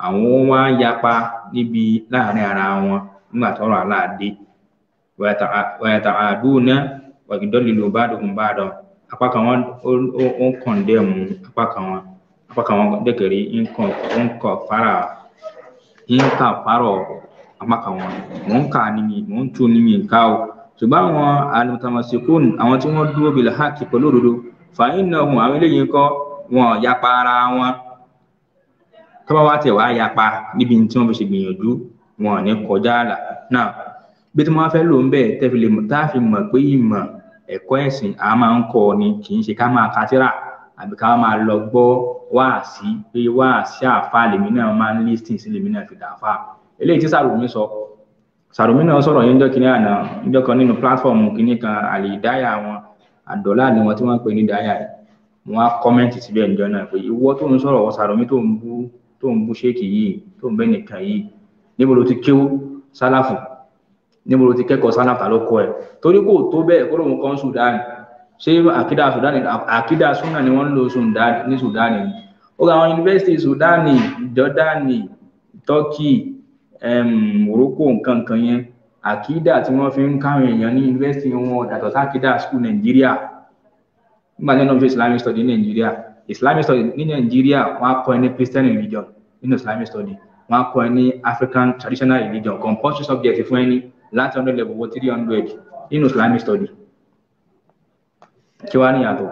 Speaker 1: àwọn wá yapa níbi láàrin ara wọn nígbà tọrọ aláàdé wàyàtàádúnà wàgídọ́lìlò bádùn bádùn apá kan wọn ó ń kàn dẹ́mu apá kan wọn apá kan wọn dẹ́kẹ̀rẹ́ ń kàn fara ń kà fárọ̀ apá kan wọn mò ń kà níyì mò ń tu níyì ká o ṣùgbọ́n àwọn alùtàmọ̀sẹ̀kùn àwọn tí wọ́n dúró bìlẹ̀ háàkì pẹ̀lú òdodo fàáyín náà hùn àwọn eléyìí kọ́ wọn yapa ara wọn kọ́bá wa tẹ̀ wá yapa níbi tí wọ́n fi ṣègbìyànjú wọn ní kọjá àlà náà bí tí wọn fẹ́ lò ń bẹ tẹfìlẹ tá a fi mọ̀ pé ìmọ̀ ẹ̀kọ́ ẹ̀sìn a máa ń kọ́ ni kì í ṣe ká máa ka tírà àbí ká máa lọ gbọ́ wáàsí pé wáàsí àfa lèmi náà máa ń lísìn sí lèmi náà fi dàáfà eléyìí tí sàrùmí sọ sàrùmí náà sọ̀rọ̀ yẹn ń jọ kínní àná ń jọ kan nínú pílátífọọmù kínní kan àlìdáyà wọn àdọlá ni wọn tí wọn ń pè ní dáyà yìí wọn á kọ́mẹ́ǹtì síbẹ̀ ìjọ náà pé ìwọ tó ń sọ̀rọ̀ sàrùmí tó ń bú tó ń bú ṣéèkì yìí tó ń bẹ́ nìkan yìí níbo ló ti kéwú sálàfù níbo ló ti kẹ́kọ̀ọ́ sálàfà ló kọ́ ẹ̀ torí kò tó bẹ́ẹ̀ kó lóun kan sudan ṣé àkídà sudan àkídà sunna ni wọ́n ń lo sudan ní sudan yìí ó ga àwọn yunifásitì sudan jordan turkey morocco nǹkan kan yẹn àkídà tí wọ́n fi ń káwọn èèyàn ní yunifásitì wọn yàtọ̀ sí àkídà school nàìjíríà nígbà tí wọ́n fi islamic study ní nàìjíríà islamic study ní nàìjíríà wọ́n á kọ́ ẹ ní christian religion nínú islamic study wọn á kọ́ ẹ ní African traditional religion compulsory subject fún ẹni láti hundred level wo three hundred nínú Islamic study kí wàá níyàtọ̀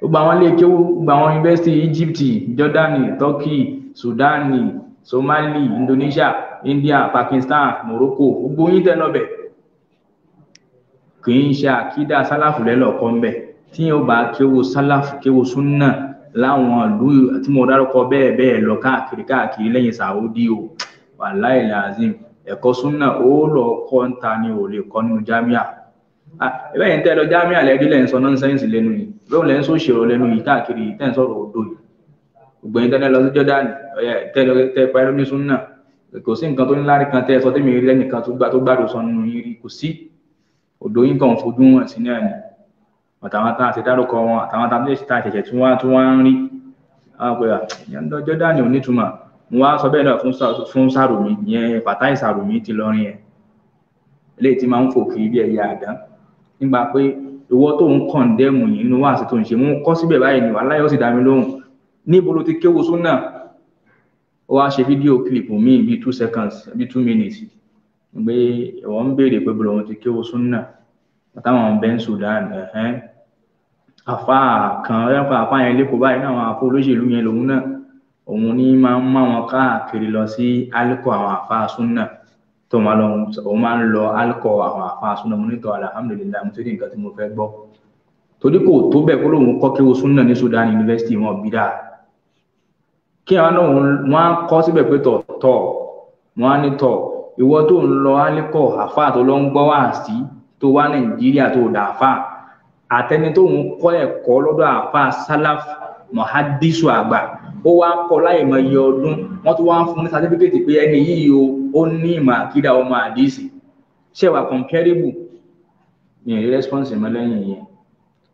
Speaker 1: gbogbo àwọn ilé kéwú gbogbo àwọn yunifásitì Egypt Jordani Turkey Sudani Somali Indonesia India Pakistan Morocco gbogbo yín tẹ́ lọ́bẹ̀ kì í ṣe àkídà sálàfù lẹ́lọ́kọ́ ń bẹ̀ tí yóò bá kéwú sálàfù kéwú súnà láwọn ìlú tí mo dárúkọ bẹ́ẹ̀ bẹ́ẹ̀ lọ káàkiri káàkiri lẹ́yìn Saudi o wàláì lazim ẹ̀kọ́ súnà ó lọ kọ́ ń ta ni ò lè kọ́ nínú jámíà ẹ̀bẹ̀ yìí ń tẹ́ lọ jámíà lẹ́ẹ̀dí lẹ́ ń sọ nọ́ńsẹ́ǹsì lẹ́nu yìí bẹ́ẹ̀ lẹ́ ń sọ òṣèrò lẹ́nu yìí káàkiri tẹ́ ń sọ̀rọ̀ odò yìí ògbẹ́yìn tẹ́lẹ̀ lọ sí Jọ́dánì tẹ́ parí ní súnà kò sí nǹkan tó ní láàrin àtàwọn tá a ti dárúkọ wọn àtàwọn tá a ṣẹ̀ṣẹ̀ tí wọ́n tí wọ́n ń rí àwọn pé Jordan ò nítumọ̀ mo wá sọ bẹ́ẹ̀ náà fún Sàrùmí ìyẹn Fatai Sàrùmí ti lọrin yẹn eléyìí ti máa ń fò kiri bí ẹyẹ àdán nígbà pé ìwọ tó ń kọ̀ǹdẹ́mù yìí nínú wàásù tó ń ṣe mú kọ́ síbẹ̀ báyìí ni wàhálà sì dá mi lóhùn níbo ló ti kéwo súnà ó wá ṣe fídíò kílìpù míì bíi two seconds bíi two minutes gbé ìwọ ń béèrè pé bọ̀lọ̀ wọn ti kéwo súnà táwọn ọ̀bẹ ń Sudan ẹ̀hẹ́n àfáà kan rẹpà àfáà yẹn lẹkọọ báyìí náà àwọn àfọ olóṣèlú yẹn lòun náà òun ní máa ń má wọn káàkiri lọ sí alukọ àwọn àfáà súnà tó máa lọ òun máa ń lọ alukọ àwọn àfáà súnà mo nítọ alhamdulilayi mo ti rí nǹkan tí mo fẹ́ gbọ́ torí kò tó bẹ́ẹ̀ kó lóun kọ́ kéwọ́ súnà ní Sudan University wọn bí dáa kí àwọn náà wọn á kọ́ síbẹ̀ pé tọ̀ tọ̀ wọn á ní tọ̀ ìwọ tó ń lọ alukọ àfáà tó lọ ń gbọ́ wá sí tó wá Nàìjíríà tó dà àfáà àtẹni tó ń kọ́ ẹ̀kọ́ lọ́dọ̀ àfa salaf mohadisu àgbà ó wá kọ́ láì mọ iye ọdún wọ́n tún wá ń fún ní sátífíkẹ́tì pé ẹni yìí o ó ní ìmọ̀ àkídà ọmọ àdìsí ṣé wà comparable ní èrè response mọ́ lẹ́yìn yẹn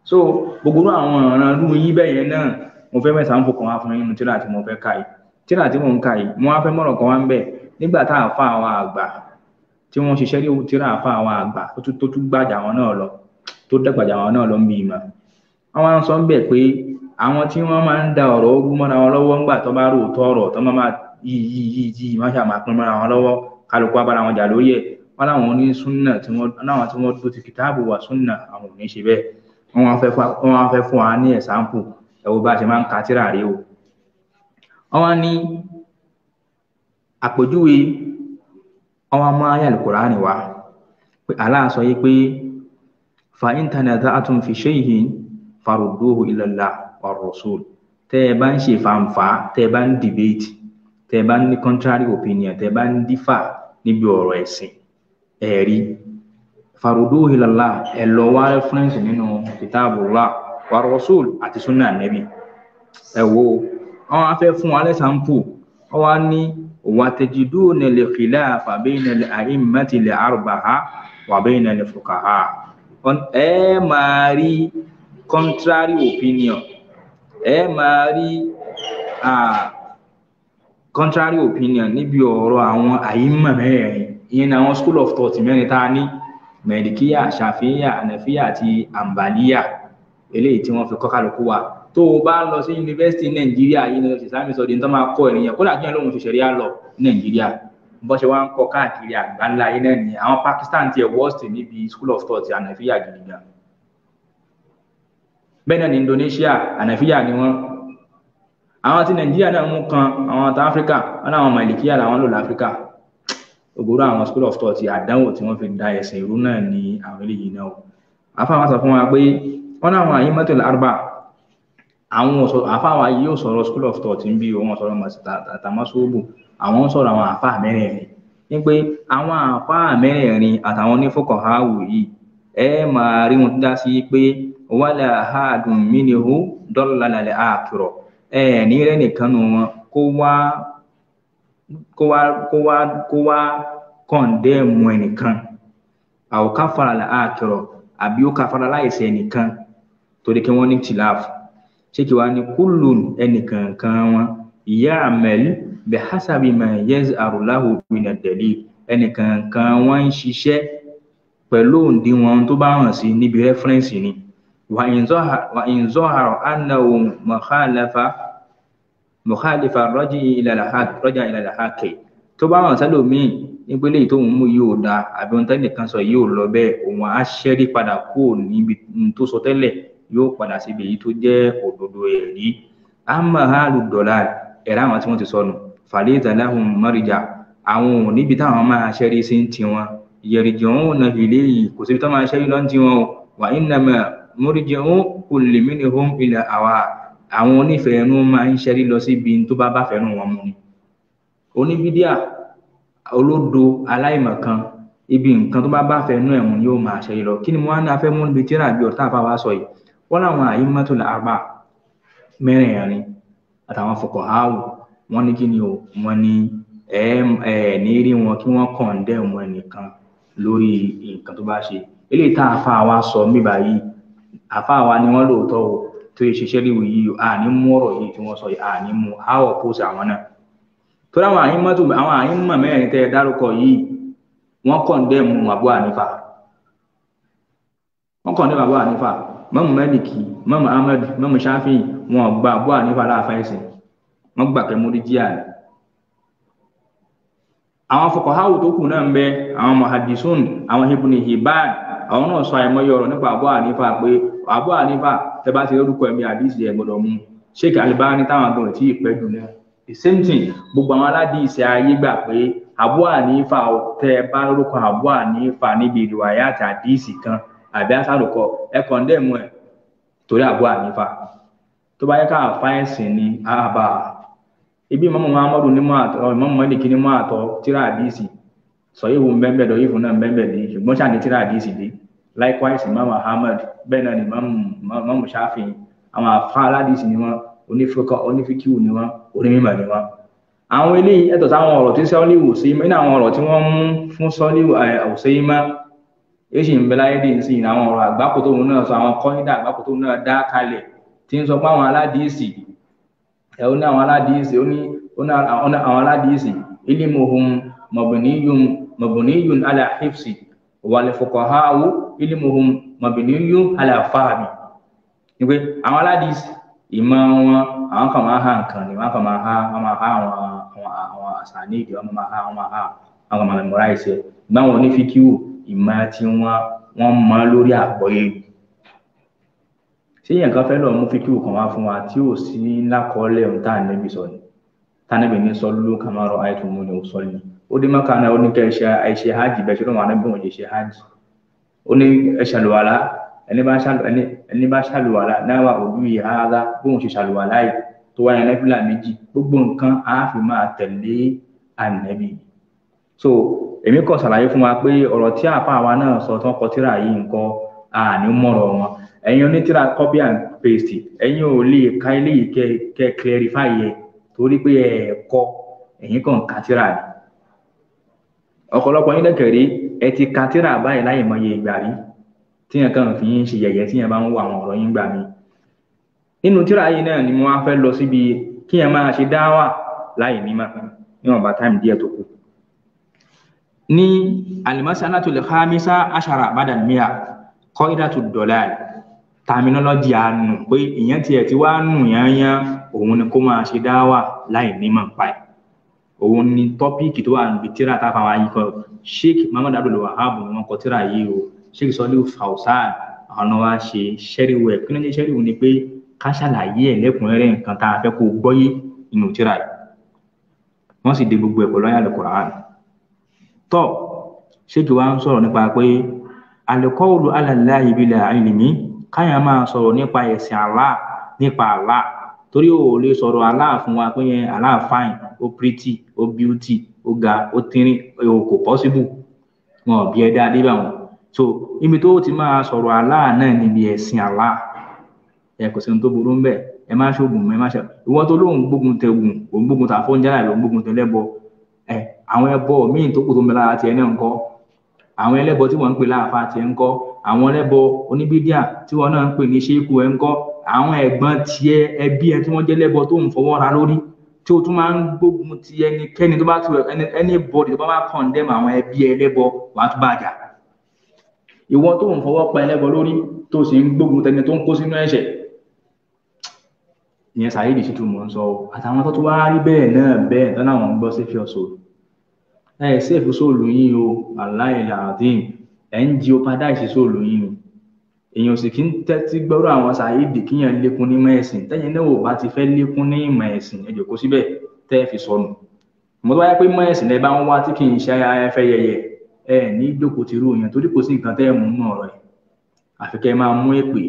Speaker 1: so gbogbo àwọn ọ̀ràn irú yín bẹ́yẹn náà mo fẹ́ mẹ́sàn-án fọkàn wá fún yín tíra tí mo fẹ́ ka yìí tíra tí mo ń ka yìí mo wá fẹ́ mọ̀rọ̀ kan wá ń bẹ̀ nígbà tá àfa àwọn àgbà tí wọ́n ṣiṣẹ́ ní tíra àfa àwọn àgbà tó tún gbàjà wọn náà lọ tó dàgbà jà wọn náà lọ ń bí ìmọ̀ wọn máa ń sọ bẹ́ẹ̀ pé àwọn tí wọn máa ń da ọ̀rọ̀ orú mọ́ra wọn lọ́wọ́ ńgbà tó bá rò tó ọ̀rọ̀ tó máa yí yí yí yí má ṣàmà pín mọ́ra wọn lọ́wọ́ kálukú abára wọn jà lórí ẹ̀ wọn láwọn ní súnà tí wọn láwọn tí wọn tó ti kìtáàbù wà súnà àwọn ò ní ṣe bẹ́ẹ̀ wọn wá fẹ́ fún wa ní ẹ̀sáǹpù ẹ̀wọ̀ bá a ṣe máa ń ka tíra rèé o wọn ní àpèjúwe àwọn ọmọ ayélujára ni wa pé aláàsọ yìí pé fa in tanaza'tum fi shay'in farudduhu ila Allah wa rasul tẹ́ ẹ bá ń ṣe fàǹfà tẹ́ ẹ bá ń debate tẹ́ ẹ bá ń ní contrary opinion tẹ́ ẹ bá ń dífà níbi ọ̀rọ̀ ẹ̀sìn ẹ̀rí farudduhu ila Allah ẹ lọ wá reference nínú kitabullah wa rasul àti sunnah nabi ẹ wo wọn á fẹ́ fún wa lẹ́sàmpù wọn á ní wàtẹ̀jìdúnẹ̀lẹ̀ khilafa bayna al-a'immati al-arba'a wa bayna al-fuqaha ẹ máa rí contrary opinion ẹ máa rí contrary opinion níbi ọ̀rọ̀ àwọn àyímọ̀ mẹ́rin ìyẹn ni àwọn school of thought mẹ́rin tá a ní mẹ̀díkíyà ṣàfihàn ànàfíà àti àǹbàlíyà eléyìí tí wọ́n fi kọ́ kálukú wa tó o bá lọ sí yunifásitì nàìjíríà yìí ní ọ̀sẹ̀ sáàmì ní tó máa kọ́ ẹ̀rìyàn kódà kí ẹ̀ lóun ṣẹ̀ṣẹ̀ rí lọ nàìjíríà bọ́n ṣe wá ń kọ káàkiri àgbáńlá ayé náà ni àwọn Pakistan tiẹ̀ worst níbi school of thought ànàfíà gidi gan bẹ́ẹ̀ náà ní Indonesia ànàfíà ni wọ́n àwọn ti Nàìjíríà náà mú kan àwọn ta Áfíríkà wọn náà àwọn Màlìkíyà làwọn lò láfíríkà ògbóró àwọn school of thought àdánwò tí wọ́n fi da ẹ̀sìn ìrú náà ní àwọn eléyìí náà àfáwọn sọ fún wa pé wọn náà àwọn àyímọ́tò lárúbà àwọn àfáwọn yìí yóò sọ̀rọ̀ school of thought ń bí òun sọ̀rọ̀ tàmáṣóbù àwọn ń sọ̀rọ̀ àwọn àfáà mẹ́rẹ̀ẹ̀rin ní pé àwọn àfáà mẹ́rẹ̀ẹ̀rin àtàwọn onífọ̀kọ̀ háwù yìí ẹ máa rí wọn dá sí pé wàlà àádùn mí ni hù dọ́là lálẹ́ àkùrọ̀ ẹ ní rẹ́ nìkan nu wọn kó wá kó wá kó wá kó wá kọ̀ǹdẹ́ẹ̀mù ẹnìkan àwòká fara lẹ́ àkùrọ̀ àbí ó káfara láìsí ẹnìkan torí kí wọ́n ní tìláàfù ṣé kí wàá ní kúlù ẹnìkankan wọn ya'mal bihasabi ma yazharu lahu min ad-dalil ẹnìkan kan wọn ń ṣiṣẹ́ pẹ̀lú òǹdíwọ̀n tó bá hàn sí níbi rẹ́fúrẹ́ǹsì ni wa in zahara annahu mukhalafa mukhalifa rọ́jì ilal haqqi tó bá hàn sẹ́lòmíì nígbélé yìí tóun mú yìí ò dáa àbí ohun tẹ́lẹ̀ kan sọ yìí ò lọ bẹ́ẹ̀ òun á ṣẹ́rí padà kúrò níbi tó sọ tẹ́lẹ̀ yóò padà síbi èyí tó jẹ́ òdodo ẹ̀rí àmọ́ àlùdọ̀là ẹ̀rá àwọn tí wọ́n ti sọnù fàlẹ́tà láhùn mọ́rìjà àwọn ò níbi táwọn máa ṣẹ́rí sí ti wọn yẹ̀rìjì òun náà ilé yìí kò síbi tó máa ṣẹ́rí lọ́n ti wọn o wà ìnàmà mọ́rìjì òun kò lè mí ní home ilẹ̀ àwa àwọn onífẹ̀ẹ́nu máa ń ṣẹ́rí lọ síbi tó bá bá fẹ́nu wọn mu ni oníbídíà olódo aláìmọ̀kan ibi nǹkan tó bá bá fẹ́nu ẹ̀ mu ni yóò máa ṣẹ́rí lọ kí ni mo wá ní afẹ́ mú àtàwọn fòkànháwò wọn ní kí ni o wọn ní ẹ ẹ ní rí wọn kí wọn kàn ń dẹ wọn nìkan lórí nǹkan tó bá ṣe eléyìí tá àfa wa sọ mí báyìí àfa wa ni wọn lóòótọ́ o tó yẹ ṣiṣẹ́ léwu yìí o àní mú ọ̀rọ̀ yìí tí wọ́n sọ yìí àní mú àwọ̀ pósí àwọn náà torí àwọn àyín mọ́tò àwọn àyín mọ̀ mẹ́rin tẹ́ ẹ dárúkọ yìí wọ́n kàn ń dẹ́ àbúrò ànífà wọ́n kàn ń dẹ́ àbúrò ànífà mọ́mù mẹ́lìkì mọ́mù ahmed mọ́mù ṣáfíì wọn gba àbúrò ànífà láàfà ẹ̀sìn wọn gbà pé múrídíà ni. àwọn fọkànháwò tó kù náà ń bẹ àwọn mohadisun àwọn ibn hibban àwọn náà sọ àìmọye ọ̀rọ̀ nípa àbúrò ànífà pé àbúrò ànífà tẹ bá ti lórúkọ ẹ̀mí àdìsí ẹ̀ gbọ́dọ̀ mú sheik alibani táwọn agbọ̀n tí ì pẹ́ jù náà the same thing gbogbo àwọn aládìsí ayé gbà pé àbúrò ànífà tẹ bá lórúkọ àbúrò ànífà níbi ìrìwàyà àti àdìsí kan àbí àsàròkọ ẹ kọ̀ndẹ́mù ẹ̀ torí àbú ànífà tó bá yẹ ká àfáìsìn ni àbá ibi mọ́mọ́ muhammadu ní mọ́ àtọ́ mọ́mọ́ mọ́lìkì ní mọ́ àtọ́ tíra àdìsì sọ̀yìn wo mbẹ́mbẹ́ lọ yìí fún náà mbẹ́mbẹ́ lè ṣùgbọ́n ṣàní tíra àdìsì lè likewise imam ahmed bẹ́ẹ̀ náà ni mọ́mọ́ ṣáfihàn àwọn àfa aládìsì ni wọ́n onífikọ́ onífikíwù ni wọ́n onímọ̀ ni wọ́n àwọn eléyìí ẹ̀tọ́ sáwọn ọ̀rọ̀ tí sọ́ọ́lì wò sí nínú àwọn ọ̀rọ̀ tí wọ́n mú fún sọ́ọ́lì ọ̀sẹ̀ yìí máa e sì ń bẹ láyé dì sí ìnáwó ọ̀rọ̀ àgbákò tóun náà sọ àwọn kọ́ńdà àgbákò tóun náà dá kalẹ̀ tí ń sọ pé àwọn aládìísì ẹ ó ní àwọn aládìísì ó ní àwọn aládìísì ala hifsi ala fahmi ni àwọn aládìísì ìmọ̀ wọn àwọn kan ha nǹkan ni wọn kan máa ha wọn ha àwọn àwọn àṣà nídìí wọn máa ha wọn ha àwọn ìmọ̀ tiwọn wọ́n mọ lórí àgbọ́yé ṣé èèyàn kan fẹ́ lọ́ọ́ mú fíkìú kan wá fún wa tí ò sí lákọọ́lẹ̀ ohun tá à ń lẹ́bi sọ ni tá à ń lẹ́bi ní sọ́lú kàmárọ̀ àìtún mú ni ò sọ́lú ni ó dé mọ́kà náà ó ní kẹ́ ẹ ṣe àìṣe hajj bẹ́ẹ̀ ṣe lọ́wọ́ anábì wọn lè ṣe hajj ó ní ẹ ṣàlùwàlá ẹni bá ṣàlùwàlá náà òbí yìí rárá bóun ṣe ṣàlùwàlá yìí tó wáyé nẹ́fìlà méjì gbogbo nǹkan á fi máa tẹ̀lé ànábì so èmi kò ṣàlàyé fún wa pé ọ̀rọ̀ tí àáfàá wa náà sọ tán kọ tíra yìí nǹkan àní mọ̀rọ̀ wọn ẹ̀yin onítìrà copy and paste ẹ̀yin ò lè ka eléyìí kẹ kẹ clarify yẹ torí pé ẹ kọ ẹ̀yin kàn ka tíra ni ọ̀pọ̀lọpọ̀ yín lẹ́kẹ̀rí ẹ ti ka tíra báyìí láì mọye ìgbà rí tíyẹn kàn fi yín ṣe yẹ̀yẹ́ tíyẹn bá ń wo àwọn ọ̀rọ̀ yín gbà mí nínú tíra yìí náà ni mo wá fẹ́ lọ síbi kíyẹn máa ṣe dáwà láì ní màkàn níwọ̀nba táìmù díẹ̀ tó kù ni alimasanatu lẹ́kámísá aṣara badàmíà kọ́ídàtú dọ̀là tàmínọ́lọ́jì àánú pé ìyẹn tiẹ̀ ti wá nù yányán òun ni kó máa ṣe dáwà láì nímọ̀ pa ẹ̀ òun ni tọ́píìkì tó wà níbi tíra táfà wá yìí kọ́ sheikh muhammad abdul wahab ni wọ́n kọ tíra yìí o sheikh sọ́lé fausan àwọn wa ṣe ṣẹ́ríwò ẹ̀ kí ló ń ṣe ṣẹ́ríwò ni pé ká ṣàlàyé ẹ̀ lẹ́kùnrẹ́rẹ́ nǹkan tá a fẹ́ kó gbọ́yé inú tíra yìí wọ́n sì de gbogbo ẹ̀kọ́ lọ́yà lọ́kùnrin tọ ṣéèkì wa ń sọ̀rọ̀ nípa pé alikọọlù alàlàyé bílẹ àìlèmí káyà máa sọ̀rọ̀ nípa ẹ̀sìn Allah nípa Allah torí o ò lè sọ̀rọ̀ Allah fún wa pé yẹn Allah fine ó pretty ó beauty ó ga ó tínrín ó kò possible wọn ò bí ẹ dáadé bá wọn so ibi tó ti máa sọ̀rọ̀ Allah náà níbi ẹ̀sìn Allah ẹ kò sí ohun tó burú ń bẹ ẹ má ṣoògùn ẹ má ṣe ìwọ tó lóun gbógun tẹ òun gbógun tà fóúnjẹ láì lóun gbógun tẹ lẹbọ àwọn ẹbọ míì tó kù tó ń bẹ lára tiẹ̀ náà ńkọ́ àwọn ẹlẹ́bọ tí wọ́n ń pè láàfà tiẹ̀ ńkọ́ àwọn ẹlẹ́bọ oníbídíà tí wọ́n náà ń pè ní ṣéèkù ẹ̀ ńkọ́ àwọn ẹ̀gbọ́n tiẹ̀ ẹbí ẹ tí wọ́n jẹ́ lẹ́bọ tó ń fọwọ́ ra lórí tí o tún máa ń gbógun ti ẹnikẹ́ni tó bá tu anybody tó bá bá condemn àwọn ẹbí ẹlẹ́bọ wàá tún bá jà ìwọ tó ń fọwọ́ pa ẹlẹ́bọ lórí tó sì ń gbógun tẹni tó ń kó sínú ẹ̀ṣẹ̀ ìyẹn sàyéèdì sì tún mọ̀ ń sọ àtàwọn tó tún wá rí bẹ́ẹ̀ náà bẹ́ẹ̀ tán láwọn ń gbọ́ sí fi ẹ ẹ sèfù sóòlù yín o aláìláàdín ẹ ń di opadáìsì sóòlù yín o èèyàn sì kí ń tẹ́tí gbọ́rọ̀ àwọn sàyédè kíyàn lékún ní mẹ́ẹ̀sìn tẹ́yìn náà ò bá ti fẹ́ lékún ní ìmọ̀ ẹ̀sìn ẹ jókòó síbẹ̀ tẹ́ ẹ fi sọnù mo tó wáyé pé mọ́ ẹ̀sìn lẹ́ bá ń wá tí kì í ṣe afẹ́ yẹyẹ ẹ ní jókòó ti rú èèyàn torí kò sí nǹkan tẹ́ ẹ mú náà rẹ̀ àfi kẹ́ ẹ máa mú èpè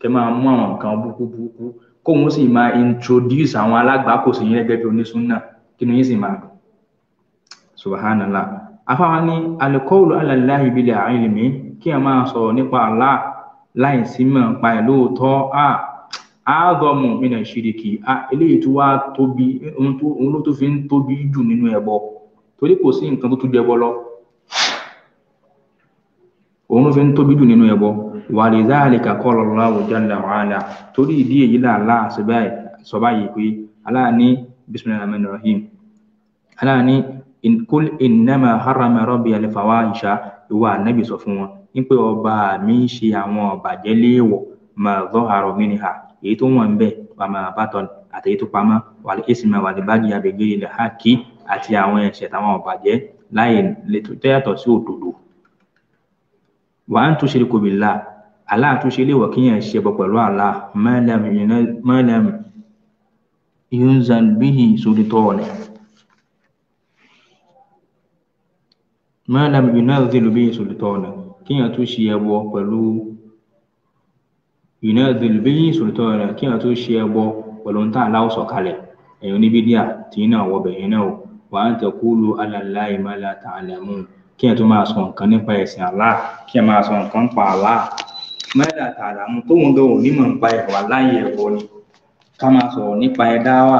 Speaker 1: kẹ́ ẹ máa mú àwọn nǹkan burúkú burúkú kóun sì máa introduce àwọn alágbàákò sí yín gẹ́gẹ́ bí onísùn náà kí yín sì máa dùn subhanallah afáwa ní alikọ́ọ̀lù alàláhi bilẹ̀ àìlèmí kí ẹ máa sọ̀rọ̀ nípa àlá láì sí mọ̀ pa ẹ̀ lóòótọ́ à àádọ́mù mìíràn ṣìrìkì à eléyìí tó wá tóbi òun ló tó fi ń tóbi jù nínú ẹbọ torí kò sí nǹkan tó tún jẹbọ lọ òun ló fi ń tóbi jù nínú ẹbọ wàlìzáàlìkà qala Allahu jalla wa ala torí ìdí èyí làlá sọ báyìí pé aláàní bismillahir rahim aláàní kul innama harama rabbi al-fawahisha ìwà ànábì sọ fún wọn wípé ọba mi ń ṣe àwọn ọ̀bàjẹ́ léèwọ̀ ma zahara minha èyí tó wọ̀n bẹ́ẹ̀ pàmò àbátan àtẹ̀yí tó pamọ́ wal isma wal baghi àbẹ̀gbẹ̀rẹ̀ lè hákì àti àwọn ẹ̀ṣẹ̀ táwọn ọ̀bàjẹ́ láì lè tó yàtọ̀ sí òdodo. wa an tushriku billah aláàtúnṣe léèwọ̀ kíyàn ṣe bọ̀ pẹ̀lú Allah ma lam yunzal bihi sultan malam yunazilu bihi sultana kéèyàn tó ṣe ẹbọ pẹ̀lú yunazilu bihi sultana kéèyàn tó ṣe ẹbọ pẹ̀lú ń tà láwù sọ̀kalẹ̀ ẹ̀yìn oníbídíà tí iná wọ bẹ̀yìn náà wà á ń taqulu ala Allahi ma la ta'lamun kéèyàn tó máa sọ nǹkan nípa ẹ̀sìn Allah kéèyàn máa sọ nǹkan pa Allah ma la ta'lamun tóun gan òní mọ̀ nípa ẹ̀wà láyé ẹ̀wọ̀ ni ká máa sọ̀rọ̀ nípa ẹ̀dá wà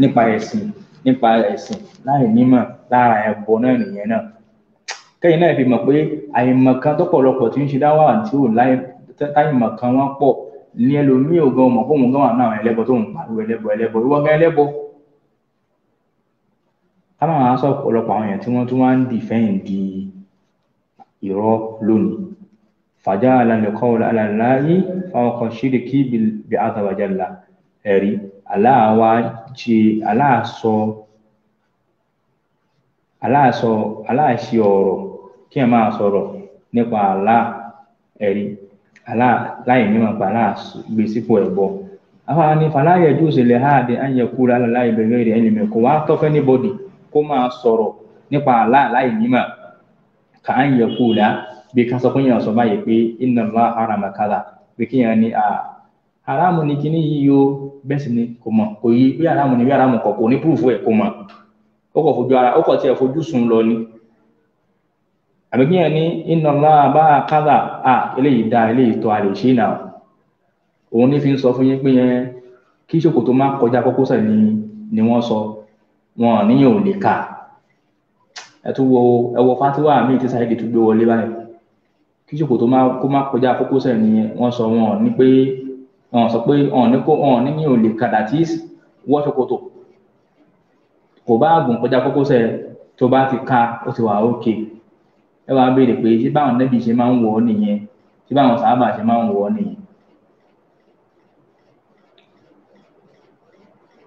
Speaker 1: nípa ẹ̀sìn nípa ẹ̀sìn láì nímọ̀ lára ẹ̀bọ náà nìyẹn náà kẹ́yìn náà fi mọ̀ pé àìmọ̀kan tọ́pọ̀lọpọ̀ tí ń ṣe dáwà tí ò láì táìmọ̀kan wọn pọ̀ ní ẹlòmíì ò gan mọ̀ fóun gan wà náà ẹlẹ́bọ tó ń pariwo ẹlẹ́bọ ẹlẹ́bọ ìwọ gan ẹlẹ́bọ. ká má wàá sọ ọ̀pọ̀lọpọ̀ àwọn èèyàn tí wọ́n tún wá ń dìfẹ́yìn di irọ́ lónìí. fàjà alàlẹ́kọ́ alàláyé fáwọn kan ṣíde kí bí àtàwájà la ẹ̀rí aláàsọ aláàsọ aláàṣe ọ̀rọ̀ kí ẹ máa sọ̀rọ̀ nípa Allah ẹ̀rí Allah láì mímọ̀ pa Allah gbé sípò ẹ̀bọ. àwa ni fàlàyé jùsì lè ha àdé àyè kúrò alàlá ìbẹ̀rẹ̀ rẹ̀ ẹni mi kò wá tọ́fẹ́ níbọ̀dì kó máa sọ̀rọ̀ nípa Allah láì mímọ̀ kà á yẹ kúrò bí ká sọ fún yẹn sọ báyìí pé inna Allah harama kala pé kí yẹn ni haramu ni kíní yìí o bẹ́ẹ̀ sì ni kò mọ̀ kò yí bí haramu ni bí haramu kọ̀ kò ní púrùfù ẹ̀ kò mọ̀ ó kọ̀ fojú ara ó kọ̀ tiẹ̀ fojú sùn lọ ni àbí kí yẹn ní iná náà bá a kádà à eléyìí dá eléyìí tó a lè ṣe náà òun ní fi ń sọ fún yín pé yẹn kí ṣòkòtò má kọjá kókósẹ̀ ni ni wọ́n sọ wọn ò níyàn ò lè kà ẹ tún wo ẹ wo fatiwa mi ti sáyé tó gbé wọlé báyìí kí ṣòkòtò má kó má kọjá kókósẹ̀ ni wọ́n sọ wọn ní pé wọn sọ pé wọn ní kó wọn níyàn ò lè kà that wọ ṣòkòtò kò bá gùn kọjá kókósẹ̀ tó bá ti ka ó ti wà ókè. Okay ẹ wàá béèrè pé ṣé báwọn nẹ́bí ṣe máa ń wọ̀ ọ́ nìyẹn ṣé báwọn sàábà ṣe máa ń wọ̀ ọ́ nìyẹn.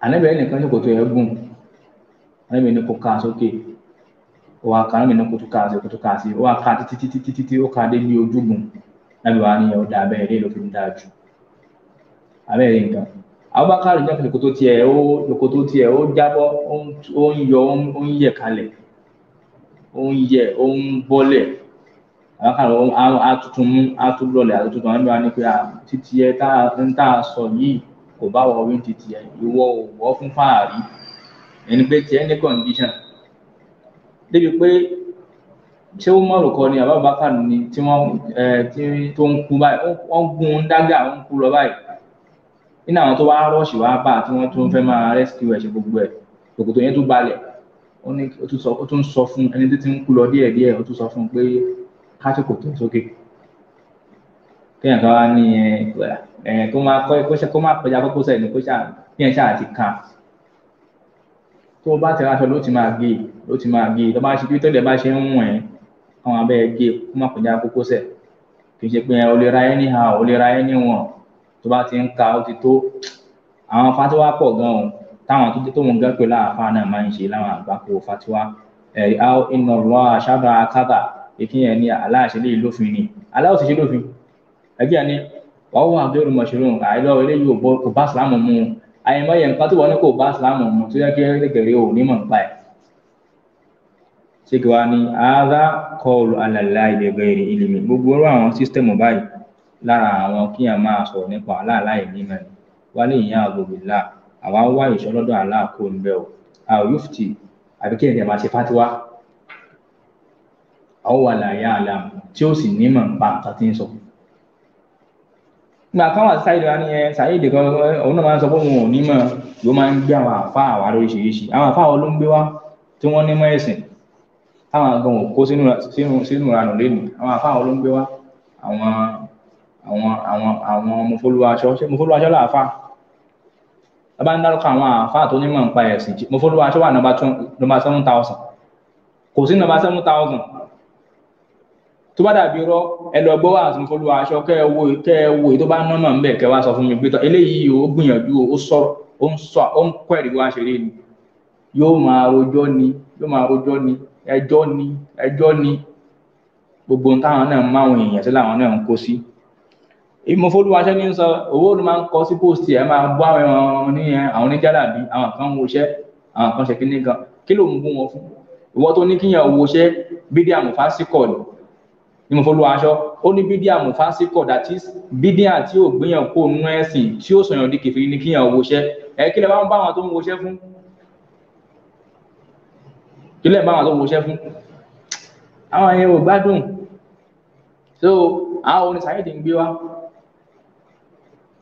Speaker 1: ànábì ẹnìkan ṣòkòtò ẹ̀ gùn ànábì ẹni kò ká sókè ó wá ká ànábì ẹni kò tó ká sí kò tó ká sí ó wá ká títí títí títí ó ká dé ní ojúgun ànábì wàá níyẹn ó dá abẹ́rẹ́ ilé ìlòfin dáa jù abẹ́rẹ́ nǹkan Abubakar jẹ́ kòtò tiẹ̀ ó kòtò tiẹ̀ ó jábọ́ ó ń yọ ó ń yẹ̀ kalẹ̀ ó ń yẹ ó ń bọ́lẹ̀ àwọn kan àtúntún mú àtúntúnlọlẹ̀ àtúntún àwọn mìíràn ní pé títí ẹ tá a sọ yìí kò bá wọ orí títí ẹ ìwọ ò wọ fún fáàrí ẹni pé tiẹ̀ ní condition débi pé ṣé ó mọ̀rò kọ ni àbá bàbá kànú ni tí wọ́n tó ń kú báyìí wọ́n gún un dágà wọ́n ń kú lọ báyìí nínú àwọn tó wá rọ́ọ̀ṣì wá bá tí wọ́n tún fẹ́ máa rescue ẹ̀ ṣe gbogbo ẹ̀ òkùtò yẹn tún balẹ̀ ó ní ó tún sọ fún ẹni tó ti ń kú lọ díẹ̀ díẹ̀ ó tún sọ fún un pé kásìkò tó sókè kéèyàn kan wá ní ẹ kó máa kọ́ ẹ kó máa kọjá kókó sẹ́yìn kó ṣáà bí ẹ ṣáà ti kàn tó o bá tẹ aṣọ ló ti máa gé ló ti máa gé lọ́ba ṣe bí tọ́lẹ̀ bá ṣe ń wọ̀n ẹ́ àwọn abẹ́ gé kó máa kọjá kókó sẹ̀ kì í ṣe pé o lè ra ẹ́ níhà o lè ra ẹ́ níwọ̀n tó bá ti ń ka ó ti tó àwọn afá tó wá pọ̀ gan-an táwọn tó tó wọn gán pé láàfáà náà máa ń ṣe láwọn àgbákò fatiwa ẹ̀rí a iná lọ àṣàbà kábà ìkíyàn ní aláàṣẹlẹ ìlófin ni aláwòsí ṣe lófin ẹgbẹ́ ni wàá wà abdul mashroom àìlọ eléyìí ò bọ kò bá sàlámù mu àyẹmọye nǹkan tó wọ ní kò bá sàlámù mu tó yẹ kí ẹgbẹrẹ ò ní mọ̀ nípa ẹ̀. ṣéèkì wa ni ara kọlù alàlá ìdẹgbẹ ìlìmí gbogbo orú àwọn sísítẹ̀mù báyìí lára àwọn kíyàn máa sọ̀rọ̀ nípa aláàlá ìlímẹ̀ wálé ìyá àgbègbè láà àwa ń wá ìṣọ́ lọ́dọ̀ Allah kó ń bẹ́ o a ò yúfùtì àbí kí ẹ̀jẹ̀ máa ṣe fatiwa àwọn wà láyé àlàm tí ó sì ní mọ̀ nípa nǹkan tí ń sọ. nígbà káwọn àti sáyéde wa ní ẹ sáyéde kan òun náà máa ń sọ pé òun ò ní mọ̀ ló máa ń gbé àwọn àfa àwa lóríṣiríṣi àwọn àfa àwọn ló ń gbé wá tí wọ́n ní mọ́ ẹ̀sìn táwọn àgbọn ò kó sínú ìranù lẹ́nu àwọn àfa àwọn ló ń gbé wá àwọn àwọn àwọn àwọn mọ̀fólúwa ṣé mọ̀fólúwa làáfà bá ń dárúkọ àwọn àáfàá tó nímọ̀ nípa ẹ̀sìn mo fọlọ́wọ́ aṣọ wà nọmba seven thousand kò sí nọmba seven thousand tó bá dàbí rọ ẹ lọ gbọ́ wà mo fọlọ́wọ́ aṣọ kẹ́ ẹ wo kẹ́ ẹ wo tó bá nọ́mà ń bẹ̀ kẹ́ wá sọ fún mi gbẹ́tọ̀ eléyìí ó gbìyànjú ó sọ̀rọ̀ ó ń sọ ó ń kọ́ ẹ̀rí wá ṣeré ni yóò máa rojọ́ ni yóò máa rojọ́ ni ẹjọ́ ni ẹjọ́ ni gbogbo táwọn náà máwọn èèyàn sí làwọn náà ń kó sí ìmọ̀fọ́lùwàṣẹ́ ní sọ owó ló máa ń kọ sí póòsì ẹ̀ máa bọ́ àwọn ẹran ní àwọn oníjàlá bí àwọn kan ń woṣẹ́ àwọn kan ṣe kí ní gan kí ló ń bú wọn fún ìwọ tó ní kíyàn woṣẹ́ bídíà mùfásíkọ̀ ni ìmọ̀fọ́lùwàṣọ ó ní bídíà mùfásíkọ̀ that is bídíà tí ò gbéyàn kó nú ẹ̀sìn tí ó sọ̀yàn di kìfì ní kíyàn woṣẹ́ ẹ̀ kí lẹ bá ń tó ń woṣẹ́ fún kí lẹ bá àwọn tó ń woṣẹ́ fún àwọn yẹn ò gbádùn so àwọn oníṣàyẹ̀dì ń gbé wa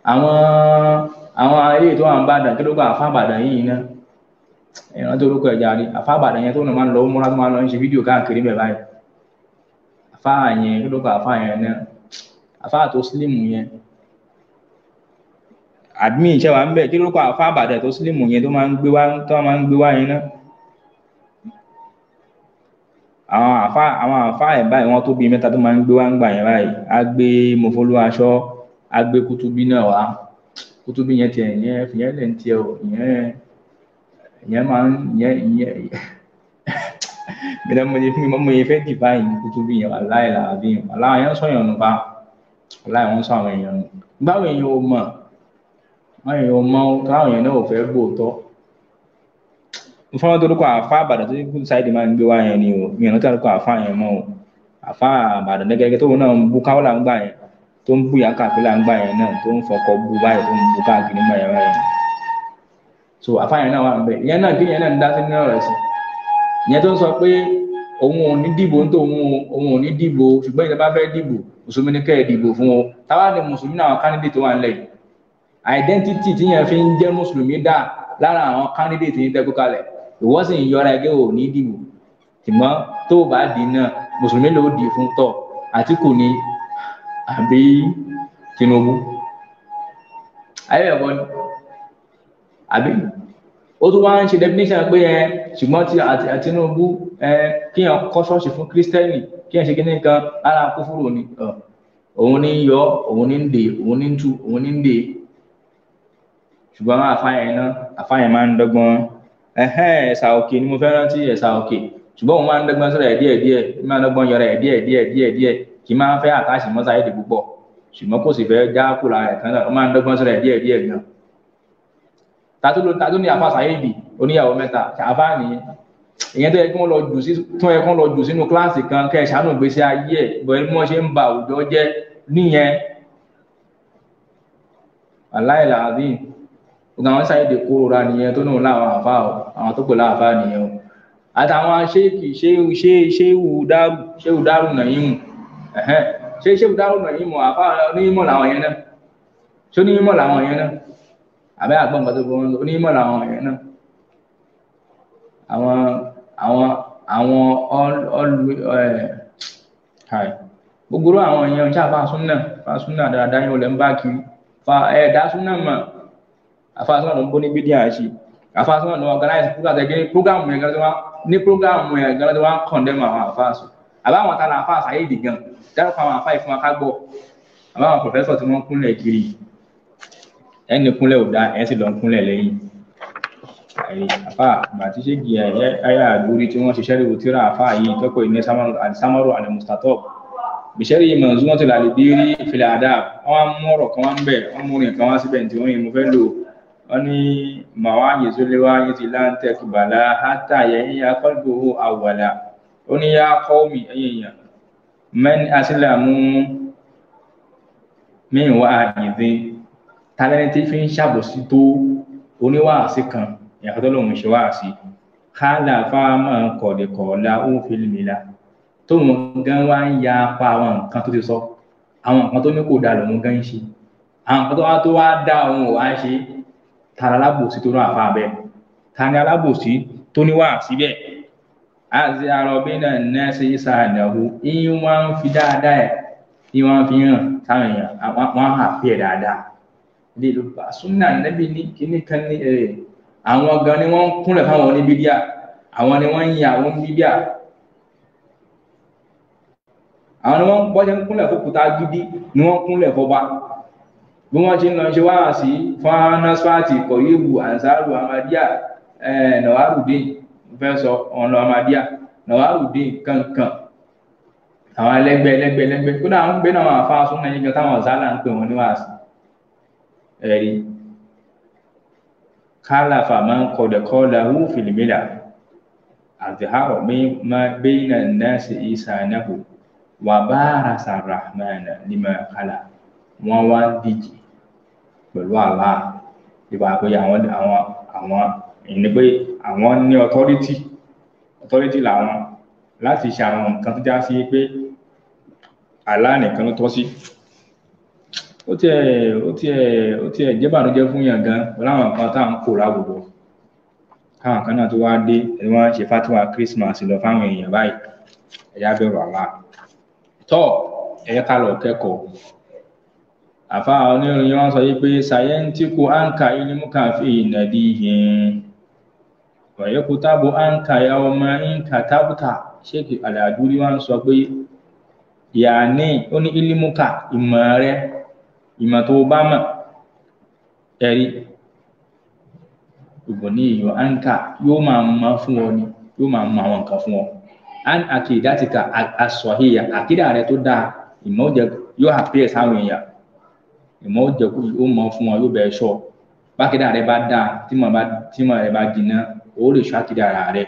Speaker 1: àwọn àwọn eléyìí tó wà ń bàdàn kí ló kọ àfa àbàdàn yìí náà ìran tó lóko ẹja ni àfa àbàdàn yẹn tó nà máa ń lọ múra tó máa ń lọ ń ṣe fídíò káàkiri bẹ́ẹ̀ báyìí àfa yẹn kí ló kọ àfa yẹn náà àfa tó sílímù yẹn àdmí ìṣe wa ń bẹ kí ló kọ àfa àbàdàn tó sílímù yẹn tó máa ń gbé wá tó máa ń gbé wá yẹn náà àwọn àfa àwọn àfa ẹ̀ báyìí wọ́n tó mẹ́ta tó máa ń gbé wá ń gbà yẹn báyìí á gbé mọ̀fólú aṣọ Agbe kutubi náà wá kutubi yẹn tiẹ̀ yẹn fìyẹn lè ń tiẹ̀ o ìyẹn ìyẹn máa ń ìyẹn ìyẹn gbẹdẹ (laughs) mo yẹ fún mi mo yẹ fẹ́ dìbà yìí kutubi yẹn wà láì là bí yẹn wà láì yẹn sọ yẹn nù bá láì wọn sọ àwọn èèyàn nù gbáwò èèyàn ò mọ̀ àwọn èèyàn ò mọ̀ táwọn èèyàn náà ò fẹ́ gbòòtọ́ mo fọwọ́ torúkọ àfa àbàdàn tó good side máa ń gbé wá yẹn ni o mi ò rántí àrùkọ àfa yẹn mọ́ o àfa àbàdàn gẹ́gẹ́ tó wọn náà ń bú là ń gbà yẹn tó ń bùyà kàfílà ń gbà yẹn náà tó ń fọkọ bu báyìí tó ń bu káàkiri mọ yẹn so àfáàyàn náà wà ń bẹ ìyẹn náà kí ìyẹn náà ń dá sí nínú ọ̀rọ̀ ẹ̀sìn ìyẹn tó ń sọ pé òun ò ní dìbò nítorí òun ò ní dìbò ṣùgbọ́n ìjọba fẹ́ dìbò mùsùlùmí ni kẹ́ dìbò fún o táwa ni mùsùlùmí náà àwọn candidate wà ń yìí identity tí yẹn fi ń jẹ́ mùsùlùmí dà lára àwọn candidate yìí tẹ́kọ̀ kalẹ̀ ìwọ́n sì ń yọra ẹgbẹ́ ò ní dìbò tìmọ́ tó o bá dì náà mùsùlùmí ló dì fún tọ̀ Àtíkù ni àbí Tinubu ayẹyẹ kọ ni àbí ó tún wá ń ṣe definition pé ẹ ṣùgbọ́n ti Tinubu ẹ kíyàn kọ́ ṣọ́ọ̀ṣì fún kírísítẹ́nì kíyàn ṣe kíní kan lára kúfúrú ni òun ní yọ òun ní dè òun ní tu òun ní dè ṣùgbọ́n àwọn àfáàyàn náà àfáàyàn máa ń dọ́gbọ́n ẹ̀sà òkè ni mo fẹ́ rántí ẹ̀sà òkè ṣùgbọ́n òun máa ń dọ́gbọ́n sọ̀rọ̀ ẹ̀ díẹ̀ díẹ̀ máa ń dọ́gbọ́n yọrọ̀ ẹ̀ díẹ̀ kì í máa fẹ́ àtàṣì mọ́ Saheed púpọ̀ ṣùgbọ́n kò sì fẹ́ já kù lára ẹ̀ kan náà ó máa ń dọ́gbọ́n sọ̀rọ̀ díẹ̀ díẹ̀ gan. tatú ni àfa Saheed oníyàwó mẹ́ta ṣàfà ni ìyẹn tó yẹ kí wọ́n lọ jù sí tó yẹ kí wọ́n lọ jù sínú kíláàsì kan kẹ́ ẹ̀ ṣàánú ìgbésí ayé ẹ̀ bọ̀ẹ́ bí wọ́n ṣe ń ba àwùjọ jẹ́ níyẹn aláìláàdín gbogbo àwọn sáyẹ̀dì kóra nìyẹn tó náà láwọn àfa o àwọn tó pè láàfa nìyẹn o àtàwọn ṣéèkì ṣéèwù dárù ṣéèwù dárù ṣé ṣé dáhùn náà yín mọ̀ àfa onímọ̀ làwọn yẹn náà ṣé onímọ̀ làwọn yẹn náà àbẹ́ àgbọ̀n kan tó gbọ́ wọn onímọ̀ làwọn yẹn náà àwọn àwọn àwọn ọlù ẹ gbogbo àwọn èèyàn ṣáà fa súnà fa súnà dáadáa yóò lẹ ń bá kiri fa ẹ dá súnà mọ àfàsúnà tó ń bó ní bídíà ṣe àfàsúnà tó ń organize program tẹgẹ program yẹn gan tó wá ní program yẹn gan tó wá condemn àwọn àfàsù àbáwọn tá a la àfàsù ayé ìdì dárúkọ àwọn àfáà ìfún akágbọ̀ àbá àwọn pòfẹ́sọ̀ tí wọ́n kúnlẹ̀ kiri ẹni kúnlẹ̀ ò dá ẹ̀ sì lọ kúnlẹ̀ lẹ́yìn àfà àti ṣégi ẹ̀yà àdúrí tí wọ́n ṣiṣẹ́ lórí tíra àfà yìí tọ́pọ̀ ìní samaru àti mustatob bìṣẹ́rì mọ̀zúmọ́ ti lálẹ́ bí rí ìfilẹ̀ àdá wọ́n mú ọ̀rọ̀ kan wá ń bẹ̀ wọ́n mú rìn kan wá síbẹ̀ tí wọ́n yìí mo fẹ́ lò wọ́n ní màwá yèso léwá yìí ti láǹtẹ̀ kìbàlá hátà yẹ̀yìn akọ́lùbọ̀ àwàlà ó ní yá kọ́ mi ẹ̀yìn èèyàn mẹ́ni asílámù míì wá àyìndé tálẹ́ni tí fi ń ṣàbòsí tó oníwàásí kan ìyàtọ̀ tó lòun ṣe wàásí kálá fáámà kọ̀dẹ̀kọ̀ọ̀la ó fi mìlá tóun gan wá ń ya apá àwọn nǹkan tó ti sọ àwọn nǹkan tó ní kò dá lòun gan ń ṣe àwọn nǹkan tó wá tó wá dá òun ò wá ṣe tàrà alábòsí tó náà fà bẹ́ẹ̀ ta alábòsí tó níwàásí bẹ́ẹ̀ àti àròbínà náà ṣe yíṣà àdàwó ìyín wọn fi dáadáa ẹ ìyín wọn fi hàn táwọn èèyàn wọn hà pé dáadáa lè ló bá súnà nẹbí ní kíní kan ní ẹ àwọn gan ni wọn ń kúnlẹ̀ fáwọn oníbídíà àwọn ni wọn ń yin àwọn oníbídíà àwọn ni wọn bọ́jẹ́ ń kúnlẹ̀ fòkúta gidi ni wọ́n kúnlẹ̀ fọba bí wọ́n ti ń lọ ṣe wáhà sí fún anasfati kọ̀yéwu ansaru amadiya nàwárùdín fẹ́ sọ ọ̀nà ọmọdé à nàwárùdín kankan àwọn ẹlẹgbẹ́ ẹlẹgbẹ́ ẹlẹgbẹ́ kódà àwọn gbé náà máa fa aṣọ náà yín gan táwọn ọ̀sálà ń pè wọ́n ní wàásù ẹ̀rí kálàfà máa ń kọ̀dẹ̀ kọ́lá wú fìlìmílà àdìhárọ̀ bẹ́yìn náà sí ìsà náà wà bára sàràmánà lima kálà wọ́n wá ń díje pẹ̀lú àlá ìbá àpéyà àwọn àwọn ìní pé àwọn ní authority authority làwọn láti ṣe àwọn nǹkan tó já sí pé àlá nìkan ló tọ́ sí ó tiẹ̀ ó tiẹ̀ ó tiẹ̀ jẹ́ bànújẹ́ fún yàn gan láwọn nǹkan tá à ń kó láwùjọ káwọn kan náà tó wá dé ẹni wọn ṣe fatiwa Christmas lọ fáwọn èèyàn báyìí ẹyà bẹ̀rù àlá tọ ẹyẹ ká lọ kẹ́kọ̀ọ́ àfa oníròyìn wọn sọ yìí pé sàyẹntìkù àǹkà ìlímùkà fi ìnàdí yìí wa yakutabu anka yawma in katabta sheikh aladuri wa sọ pé yaani ó ní ilimuka ìmọ̀ rẹ̀ ìmọ̀ tó bá mọ̀ ẹ̀rí ìbọn ìyọ anka yóò máa mọ fún ọ ni yóò máa mọ àwọn nǹkan fún ọ an akidatika asọhiya akida rẹ̀ tó dáa ìmọ̀ ó jẹ yóò àpẹẹ sáwọn èèyàn ìmọ̀ ó jẹ kó yóò mọ fún ọ yóò bẹ ẹ sọ bákidá rẹ̀ bá dáa tí mọ rẹ̀ bá jiná ó lè ṣáàkiri ara rẹ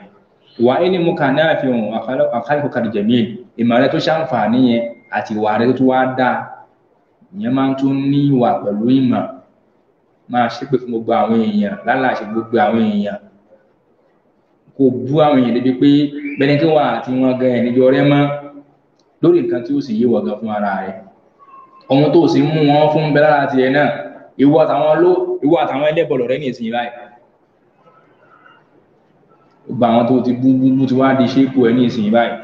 Speaker 1: wà á ní mú ká náà fi hàn àkàlùkù kàdìjẹmíìn ìmọ̀ rẹ tó ṣàǹfààní yẹn àti ìwà rẹ tó wá dáa ìyẹn máa ń tún ní ìwà pẹ̀lú ìmọ̀ máa ṣépè fún gbogbo àwọn èèyàn lálàṣẹ gbogbo àwọn èèyàn kò bú àwọn èèyàn débi pé bẹni tí wà àti wọn gan ẹnìjọ rẹ mọ lórí nǹkan tí ó sì yé wọ gan fún ara rẹ ohun tó sì mú wọn fún bẹ lára tiẹ̀ e náà ìwọ àtàwọn ẹlẹbọlọ rẹ ní ìsinyìí báyìí gbogbo àwọn tó ti búbú ti wá di ṣépò ẹ ní ìsìn báyìí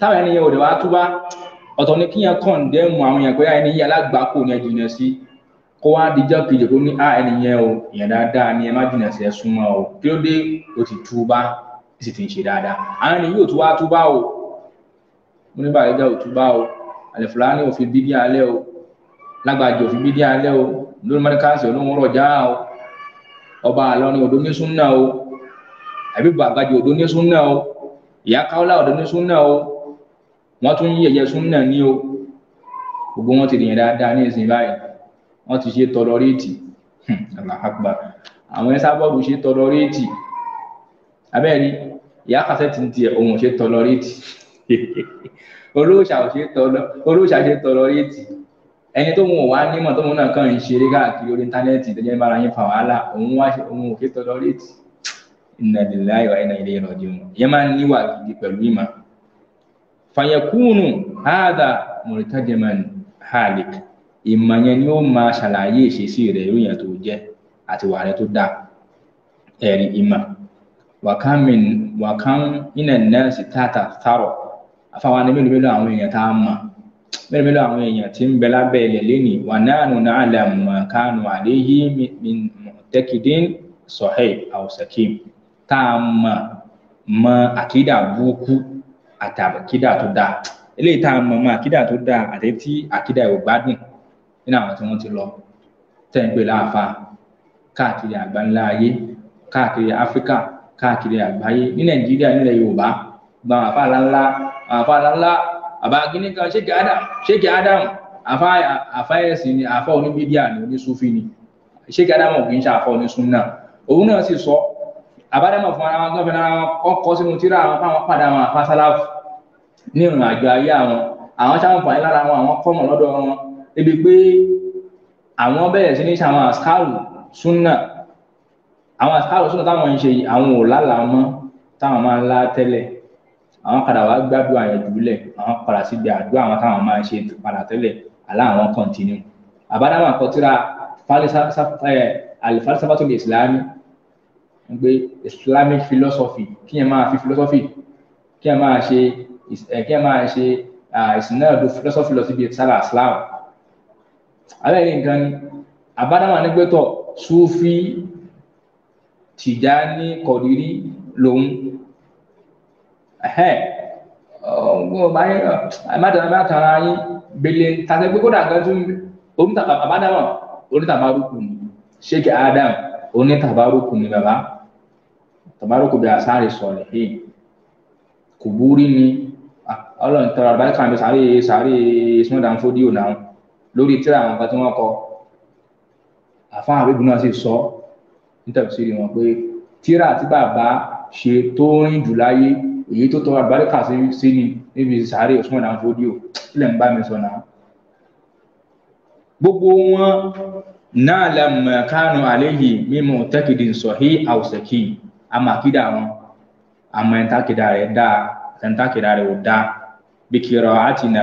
Speaker 1: táwọn ẹni yẹn ò dẹ̀ wá túbá ọ̀tọ̀ ni kíyàn kọ̀ǹdẹ́mù àwọn yẹn pé ah, ẹni yẹn alágbàákò ni ẹ jìnà sí kó wá dijọ́ kejì kó ní á ah, ẹni yẹn o ìyẹn dáadáa ni ẹ má jìnà sí ẹ súnmọ́ o kí ló dé o ti túbá sì ti ń ṣe dáadáa àwọn ẹni yóò tún wá túbá o mo ní bàgẹ́gẹ́ ò túbá o àlẹ́fúlání òfin bídí alẹ́ o lágbàjọ òfin bídí alẹ́ o lórí mẹ́ríkà sí olóhùn rọ̀já o ọba àlọ́ ni òdó àbí bàbájọ òdo ní súnà o ìyá káwọlá òdo ní súnà o wọn tún yẹyẹ súnà ní o gbogbo wọn ti dìyàn dáadáa ní ìsìn báyìí wọn ti ṣe tọrọ réètì àwọn ẹsábọọbù ṣe tọrọ réètì abẹ́ẹ̀rí ìyá kàṣẹ́ ti ń tiẹ̀ òun ṣe tọrọ réètì (laughs) olóòṣà ṣe tọrọ réètì ẹni tó ń wà nímọ̀ tó ń náà kàn ń ṣeré káàkiri orí íńtánẹ́ẹ̀tì tó jẹ́ bára yín fà wàhálà òun wá òun ò ṣe tọrọ réètì inna lillahi wa inna ilayhi rajiun ìyẹn máa ń níwà gidi pẹ̀lú ìmọ̀ fàyẹ̀kúnù hádà murtajaman halik ìmọ̀ yẹn ni ó máa ṣàlàyé ìṣesí rẹ̀ ìròyìn tó jẹ́ àti wà rẹ̀ tó dáa ẹ̀rí ìmọ̀ wàkàmìn wàkàm iná náà sì tààtà tààrọ̀ afáwọn ní mélòó mélòó àwọn èèyàn tá a mọ̀ mélòó àwọn èèyàn tí ń bẹ lábẹ́ ilẹ̀ lẹ́nìí wà náà nù náà làmùkánù àléyé mọ̀tẹ́kìdín sọ̀hẹ́ àwòsàkìm tá a mọ̀ mọ àkídà burúkú àti àkídà tó dáa eléyìí tá a mọ̀ mọ àkídà tó dáa àti tí àkídà ò gbádùn nínú àwọn tí wọ́n ti lọ tẹ̀ ń pè láàfáà káàkiri àgbáńlá ayé káàkiri áfíríkà káàkiri àgbáyé ní nàìjíríà nílẹ̀ yorùbá gba àfa ńláńlá àfa ńláńlá àbá gíní kan ṣéèkì ádámù ṣéèkì ádámù àfa àfa ni àfa oníbídíà ni onísúfì ni ṣéèkì ádámù kì í ṣe àfa onísúnnà òun náà sì sọ àbádẹ́mọ̀ fún ara wọn gbọ́n fẹ́ lára wọn kọ́ sínú tíra àwọn káwọn padà àwọn àfásáláfù ní ìrìn àjò ayé àwọn àwọn sáwọn fàáyé lára wọn àwọn kọ́mọ̀ lọ́dọ̀ wọn débi pé àwọn bẹ̀rẹ̀ sí ní sàwọn àṣkárù súnà àwọn àṣkárù súnà táwọn ń ṣe yìí àwọn ò lálà mọ́ táwọn máa ń lá tẹ́lẹ̀ àwọn padà wá gbádùn àyàn jùlẹ̀ àwọn padà síbi àdúrà àwọn táwọn máa ń ṣe padà tẹ́lẹ̀ àlá àwọn kọ̀ntínú àbádámà kọtíra alifalisafatul eh, islami ń pé islamic philosophy kí ẹ máa fi philosophy kí ẹ máa ṣe eh, kí ẹ máa ṣe ah, ìsìnàdó philosophy lọ síbi sára islam abẹ́rẹ́ nǹkan ni àbádámà nígbẹ́tọ̀ sufi tìjáni kọ̀dírí lòun mátàrà yín gbélé tàbí pé kódà gan tún onítàbárùkù ni sheikh adam onítàbárùkù ni bàbá tọ̀bárùkù bí àsáàrì sọ̀rọ̀ hìn kò búrí ni ah, ọlọ́run tọrọ àbáríkà mi sáré sáré sinodan fódíò náà lórí tíra àwọn nǹkan tí wọ́n kọ àfáà àbíbu náà sì sọ nítorí sí wọn pé tíra tí bàbá ṣe tó rìn jù láyé èyí tó tọrọ àbáríkà sí ni níbi sáré sinodan fódíò ilẹ̀ ń bá mi sọ náà gbogbo wọn náà làmọ̀ àléyìí mímọ̀ tẹ́kìdì sọ̀hí àwòsẹ̀kì àmọ́ àkídà wọn àmọ́ ẹ̀ńtàkìdà rẹ̀ dáa ẹ̀ńtàkìdà rẹ̀ ò dáa bí kìrọ̀ àtìnà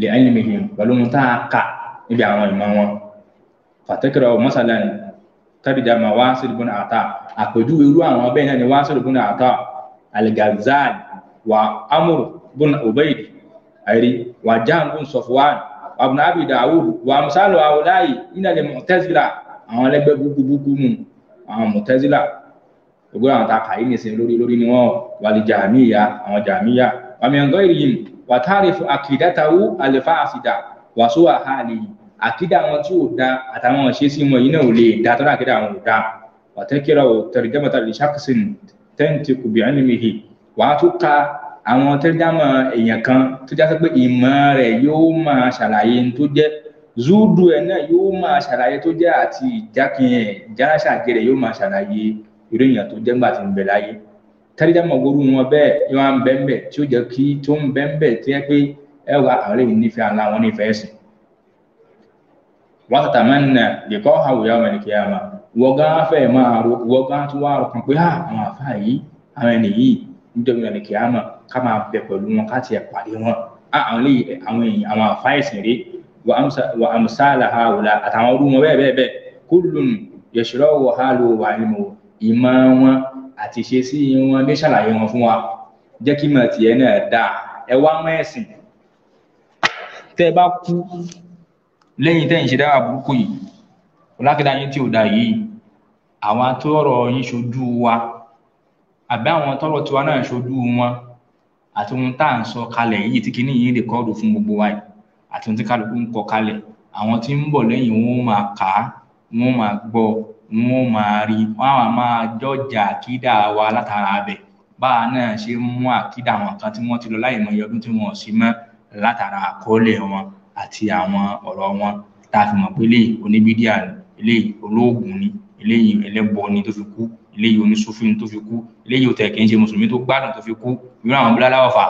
Speaker 1: lè ẹ̀yìnmìhìn pẹ̀lú mu tá a kà níbi àwọn ìmọ̀ wọn fàtẹ́kìrọ̀ mọ́sálẹ̀ tàbíjà mà wá sílùbùn àtà àpèjúwe irú àwọn bẹ́ẹ̀ náà ni wá sílùbùn àtà algazali wa amur bun ubaid ayri wa jahan bun sofwan wa ibn abi dawud wa amsalu awlai ina lil mu'tazila àwọn ẹlẹgbẹ́ gbogbogbò mu àwọn mu'tazila gbogbo àwọn ta kàyí nìsín lórí lórí ni wọn wàlí jàmíyà àwọn jàmíyà wàmíyàngọ ìrìn wàtàrífù àkìdátàwù àlefáàsìdà wàsó àhàlì àkìdá àwọn tí ò da àtàwọn ṣe sí wọn yìí náà ò lè da tọ́lá àkìdá àwọn ò da wàtẹ́kìrà ò tẹ̀rẹ̀dẹ́mọ̀tà lè ṣàkóṣin tẹ́ǹtì kò bí ẹnìmìhì wàá tún ka àwọn tẹ́rẹ̀dámọ̀ èèyàn kan tó jásẹ́ pé ìmọ̀ rẹ̀ yóò máa ṣàlàyé tó jẹ́ zúdù ẹ̀ náà yóò máa ṣàlàyé tó jẹ́ àti ìjákin ẹ̀ jáṣàjẹ́ irú èèyàn tó jẹ́ ńgbà tí ń bẹ láyé kárídá mọ̀gòrú wọn bẹ́ẹ̀ yóò wá ń bẹ́ẹ̀ bẹ́ẹ̀ tí ó jẹ́ kí tó ń bẹ́ẹ̀ bẹ́ẹ̀ tí ẹ pé ẹ wá àwọn eléyìí nífẹ̀ẹ́ àlá wọn nífẹ̀ẹ́ sìn wọ́n tàtà máa ń nà lẹ́kọ́ àwòyá ọmọ ẹ̀nìkẹ́ àmà wọ́gá fẹ́ máa wọ́gá tó wá rọ̀ kan pé àwọn àfáà yìí àwọn ẹni yìí nítorí ẹ̀nìkẹ́ àmà ká máa bẹ pẹ̀lú wọn ká tiẹ̀ pàdé wọn àwọn èèyàn àwọn àfáà ìmọ̀ wọn àti ìṣesí wọn ní ṣàlàyé wọn fún wa jẹ́ kí mọ̀ tiẹ̀ náà dáa ẹ wá mọ́ ẹ̀sìn tẹ́ ẹ bá kú lẹ́yìn tẹ́yìn ṣe dára burúkú yìí ọlákẹ́dá yín tí ò dá yìí àwọn tọ́rọ̀ yín ṣojú wa àbí àwọn tọ́rọ̀ tiwa náà ṣojú wọn àti ohun tá à ń sọ kalẹ̀ yìí tí kìíní yìí rẹ̀kọ́ọ̀dù fún gbogbo wa àti ohun tí kálukú ń kọ kalẹ̀ àwọn tí ń bọ̀ lẹ́yìn wọn máa kà á wọn máa gbọ́ ọ wọn máa rí wọn àwọn máa jọjà àkídà wa látara abẹ báwa náà ṣe ń mú àkídà àwọn kan tí wọn ti lọ láì mọye ọdún tí wọn ò sí mọ látara àkọọ́lẹ̀ wọn àti àwọn ọ̀rọ̀ wọn tá a fi mọ̀ pé eléyìí oníbídíà ni eléyìí olóògùn ni eléyìí ẹlẹ́bọ ni tó fi kú eléyìí onísùfín tó fi kú eléyìí òtẹ kì í ṣe mùsùlùmí tó gbádùn tó fi kú irú àwọn bíláláwọ fà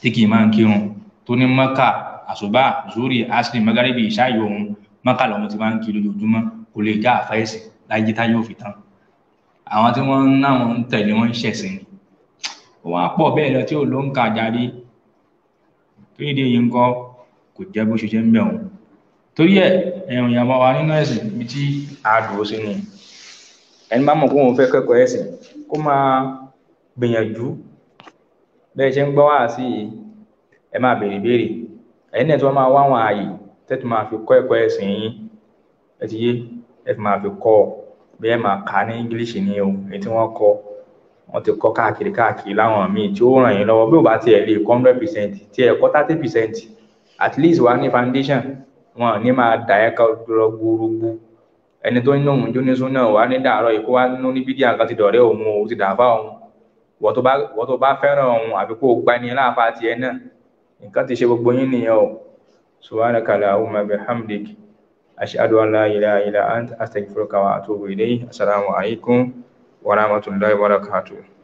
Speaker 1: tí kì í máa ń kírun tó ní mọkà àṣùbà zuri asli magaribi ìṣáyò òun mọkà lòun ti máa ń kí lójoojúmọ́ kò lè já e láyé táyé òfin tán àwọn tí wọ́n náwọn ń tẹ̀lé wọn ń ṣẹ̀sìn ni òun àpọ̀ bẹ́ẹ̀ lọ tí ò ló ń ka jáde kéde yìí ń kọ́ kò jẹ́ bó ṣe jẹ́ ń bẹ̀ òun torí ẹ̀ ẹ̀rùn wa nínú ẹ̀sìn ibi tí a dùn sínú ẹni bá mọ̀ kó òun fẹ́ kẹ́kọ̀ọ́ ẹ̀sìn kó máa gbìyànjú bẹ́ẹ̀ ṣe ń gbọ́ wá sí ẹ máa béèrè béèrè ẹ̀yin náà tí wọ́n máa wá àwọn ààyè tẹ́tù máa fi yín ẹ ti yé ẹ ti máa fi kọ́ ọ máa kà á ní english ni o èyí tí wọ́n kọ wọ́n ti kọ́ káàkiri káàkiri láwọn míì tí ó ràn yín lọ́wọ́ bí ò bá tiẹ̀ lè kọ́ hundred percent tí ẹ kọ́ thirty percent at least wàá ní foundation wọn ní máa dà ẹ́ ká lọ gbúrúgbú ẹni tó ń náwó jó ní sún náà wàá ní dàárọ̀ yìí kó wá nínú níbi díà kan ti dọ̀rẹ́ òun o ti dàáfà òun wọ́n tó bá fẹ́ràn òun àbí kó o gba ẹni láàfà tiẹ̀ náà nǹkan ti ṣe gbogbo yín nìyẹn o subhanaka allahumma bihamdik. أشهد أن لا إله إلا أنت أستغفرك وأتوب إليه السلام عليكم ورحمة الله وبركاته